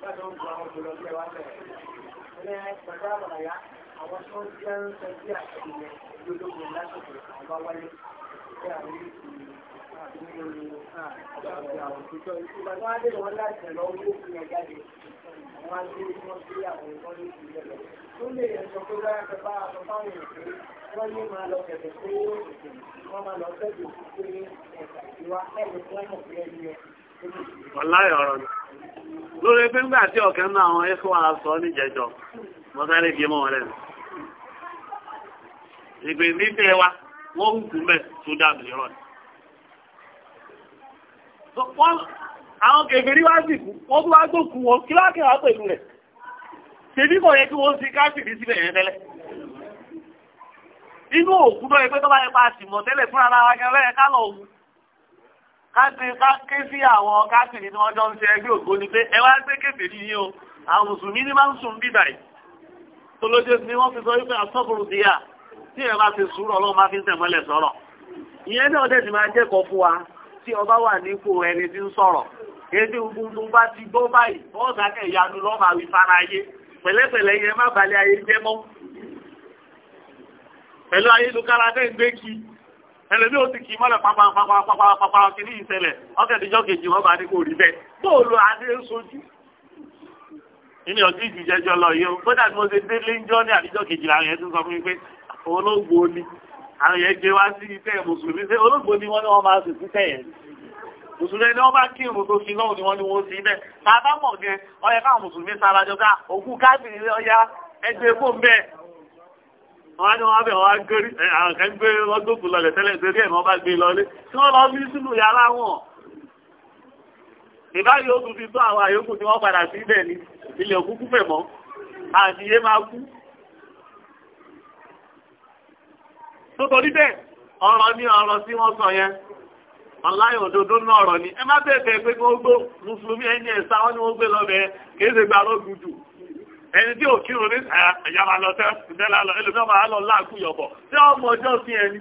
Thank you àwọn tó ń jẹ́ ń sọ bí àṣìlẹ̀ lólógbò lásìkò àbá wáyé bí àwọn ìlú àwùjọ ìtura wọn dé wọn láti ẹ̀rọ owó fún ẹ jáde wọn á dé wọn sí àwọn ìwọ́n ní ìpínlẹ̀ lọ. tó lè sọ pé báyà pé bá àwọn fáwọn èèyàn wọ́n ní máa lọ bẹ̀rẹ̀ pé wọ́n máa lọ bẹ̀rẹ̀ pé ẹ̀ka ìwà ẹ̀rọ tó ẹ̀ Ọláyọ̀ ọ̀rọ̀ ni. Lórí pé ńgbà tí ọ̀kẹ́ náà àwọn ẹ̀kọ́ wa sọ mo sáré bí mọ́ wọn lẹ́nu ìgbè nífẹ̀ wa wọ́n ń kú mẹ́ tó dàbí irọ́ ni. àwọn kèfèrí wá sì kú wọ́n tún wá gbókù wọn kí láàkì wá pẹ̀lú rẹ̀ tèmi kò yẹ kí wọ́n ti káàkiri síbẹ̀ yẹn tẹ́lẹ̀ inú òkú náà ẹgbẹ́ tó bá yẹ pa àtìmọ̀ tẹ́lẹ̀ fúnra ara wa gan ká lọ òun ká ké sí àwọn káàkiri tí wọ́n ń ṣe ẹgbẹ́ ògbóni pé ẹ wá gbé kèfèrí yìí o àwọn mùsùlùmí ní máa ń sùn bíbà yìí tó lójú ni wọ́n fi sọ wípé àtọ́kùrù díyà tí ẹ bá ti sùúrù ọlọ́run máa fi ń tẹ̀mọ́lẹ̀ sọ̀rọ̀ ìyẹn náà dẹ̀ ti máa jẹ́kọ̀ọ́ fún wa tí ọba wà nípò ẹni tí ń sọ̀rọ̀ èdè gbogbo bá ti gbọ́ báyìí bọ́ọ̀sì akẹ́ ìyanu lọ́ọ́ wí fara ayé pẹ̀lẹ́pẹ̀lẹ́ yẹn má balẹ̀ ayé jẹ́ mọ́ pẹ̀lú ayélujára tẹ́ gbé kí ẹlẹ́bí ó ti kì mọ́lẹ̀ pàpàpàpàpàpà ìní ọdún ìjìjẹjọ lọ yìí ó gbọ́dọ̀ tí mo ṣe délé ń ní àdíjọ́ kejìlá yẹn tún sọ fún mi pé olóògbò ni àwọn yẹn gbé wá sí iṣẹ́ mùsùlùmí ṣé olóògbò ni wọ́n ní wọ́n máa sì síṣẹ́ yẹn mùsùlùmí ni wọ́n bá kí ìrùn tó fi lọ́wọ́ ni wọ́n ní wọ́n sí ibẹ̀ bàbá mọ̀ gan ọyẹ káwọn mùsùlùmí sára jọ ká òkú káàbìrì ọya ẹgbẹ́ fóun bẹ́ẹ̀ wọ́n á ní wọ́n bẹ̀ wọ́n á gbérí àwọn kan gbé lọ́gbòkú lọlẹ̀ tẹ́lẹ̀ torí ẹ̀ wọ́n bá gbé lọlé tí wọ́n lọ bí sínú yàrá wọn ìbáyìí ó tún fi tó àwọn àyókù tí wọ́n padà sí ibẹ̀ ni ilẹ̀ òkúkú fẹ̀ mọ́ àti iye máa kú nítorí bẹ́ẹ̀ ọ̀rọ̀ ni ọ̀rọ̀ tí wọ́n sọ yẹn ọláyé òdodo náà ọ̀rọ̀ ni ẹ má bẹ̀bẹ̀ pé kí wọ́n gbó mùsùlùmí ẹni ẹ̀sà wọn ni wọ́n gbé lọ bẹ̀ẹ́ kìí ṣe gba lóògùn jù ẹni tí òkí ro ní ẹ̀yà máa lọ tẹ́ ìdẹ́lá lọ ẹlòmíràn máa lọ láàkú yọ̀bọ̀ tí wọ́n mọ ọjọ́ sí ẹni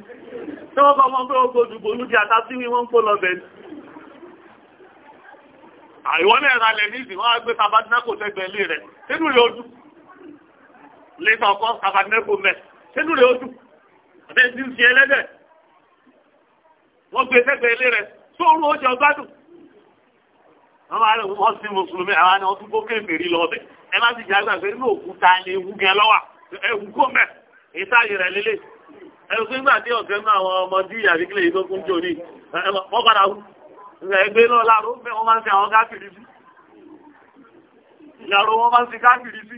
tí wọ́n kọ́ mọ́ pé ó gbójú bolú di ata sí wí wọ́n kó lọ bẹ̀ ni. àìwọ́n náà ra lẹ̀ ní ìsìn wọ́n á gbé tabanako tẹ́gbẹ̀ẹ́ lé rẹ̀ sínú rẹ̀ ojú lé tọkọ tabanako mẹ́ sínú rẹ̀ ojú abẹ́rẹ́ ti ń fi ẹlẹ́dẹ̀ wọ́n gbé sẹ́gbẹ̀ẹ́ ilé rẹ̀ sóòrù oúnjẹ ọgbádùn wọ́n máa rẹ̀ wọ́n sí mùsùlùmí àwọn ni wọ́n tún gbókè mèrí lọ bẹ́ẹ̀ ẹ má sì jẹ́ àgbà pé nínú òkúta ni ewu gẹ lọ́wà ewu kò mẹ́ ìtàyè rẹ̀ lélẹ̀ ẹ̀rù pé nígbà tí ọ̀gẹ́ mú àwọn ọmọdé ìyàrí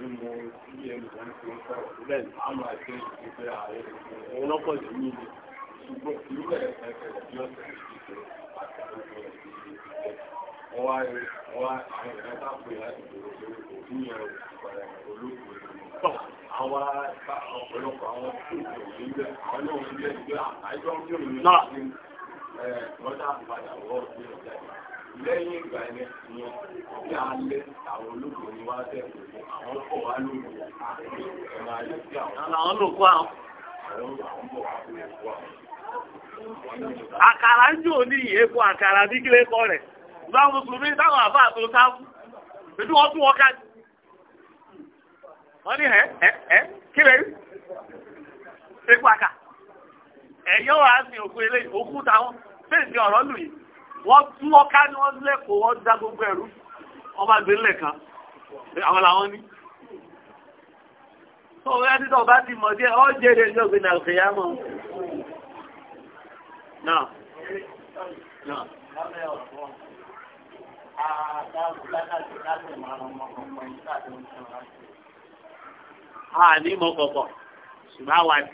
mímu bí ẹnu wọn ti ń sọ bẹ́ẹ̀ ni àwọn àti ìgbẹ́ ààrẹ òun lọ́pọ̀ jù mí ni ṣùgbọ́n ìlú bẹ̀rẹ̀ pẹ̀lú bí ọ̀sẹ̀ ìṣèṣe àti àwọn ọmọ ìṣèṣe wọ́n wá wọ́n àwọn ìyá sáfù yá òbí yẹn ìpàdé olóògbé tọ̀ àwọn ọ̀pọ̀lọpọ̀ àwọn tó ń bọ̀ níbẹ̀ àwọn náà ń bẹ̀ níbẹ̀ àìjọ́ ń bẹ̀rù náà ní ọjà àpàdà wọ́ọ̀ lẹ́yìn ìgbà yẹn ìyẹn bí alẹ́ àwọn olóògbé ni wá tẹ̀ àwọn olùkọ́ àwọn. àkàrà ń jò ní èkó àkàrà ní kílé kọ́ rẹ̀ bá mùsùlùmí táwọn àbá àtò sáfù pẹ̀lú wọn tún wọn ká wọ́n ní ẹ̀ ẹ̀ ẹ̀ kílé èkó àkà ẹ̀yọ́ ní òkú ilé òkú táwọn fèsì ọ̀rọ̀ lù yìí wọ́n tún wọn ká ní wọ́n lẹ́kọ̀ọ́ dá Ọ̀rọ̀ yá títọ̀ bá ti mọ̀ díẹ̀, ọ́ jẹ́rẹ̀ ní ọ̀gbìn àlùkìyàmọ̀. Náà. Náà. A ní mọ kọ̀kọ̀, ṣùgbọ́n àwa ni.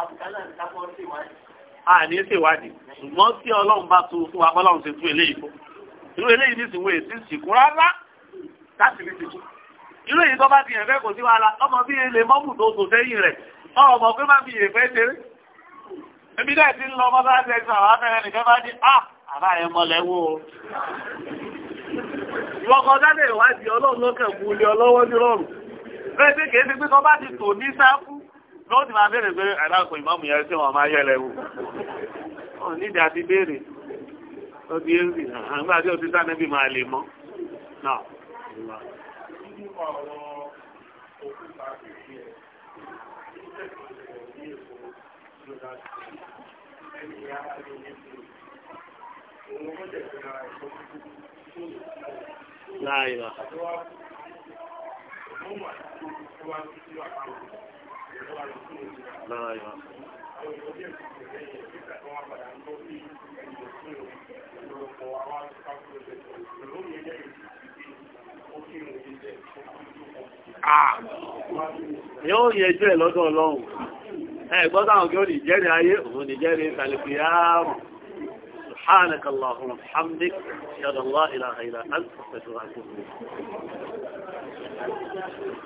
Àbùkálà ń dábọ̀ sí wáyé àní ṣèwádìí ṣùgbọ́n tí ọlọ́run bá tu fún wa bọ́lọ́run ṣe tú eléyìí fún irú eléyìí ní ìsìnwó èsì sìnkú rárá láti rí ti tú irú èyí tó bá ti yẹn fẹ́ kò sí wàhálà ọmọ bí ilé mọ́mù tó tò sẹ́yìn rẹ̀ ọmọ pé má fi yè fẹ́ ṣeré ebi náà ti ń lọ ọmọ bá ṣe ṣe àwọn afẹ́rẹ́ nìkan bá ní à àbá yẹn mọlẹ̀ wó o ìwọ kan dáná ìwádìí ọlọ́run lọ́kẹ̀ kú lọ́wọ́ máa bèèrè pé àdàkùn ìmọ̀mù yẹn tí wọ́n máa yẹ lẹ́wù nídìí àti béèrè ó di àgbà tí ó ti sáré bí máa lè mọ́ náà lára ah, yọ. yóò yẹjú ẹ̀ lọ́dọ̀ ọlọ́run ẹ̀gbọ́n táwọn kí ó lè jẹ́rìí ayé òun lè jẹ́rìí tàlẹ̀kìyàmù سبحانك اللهم وبحمدك اشهد ان لا اله الا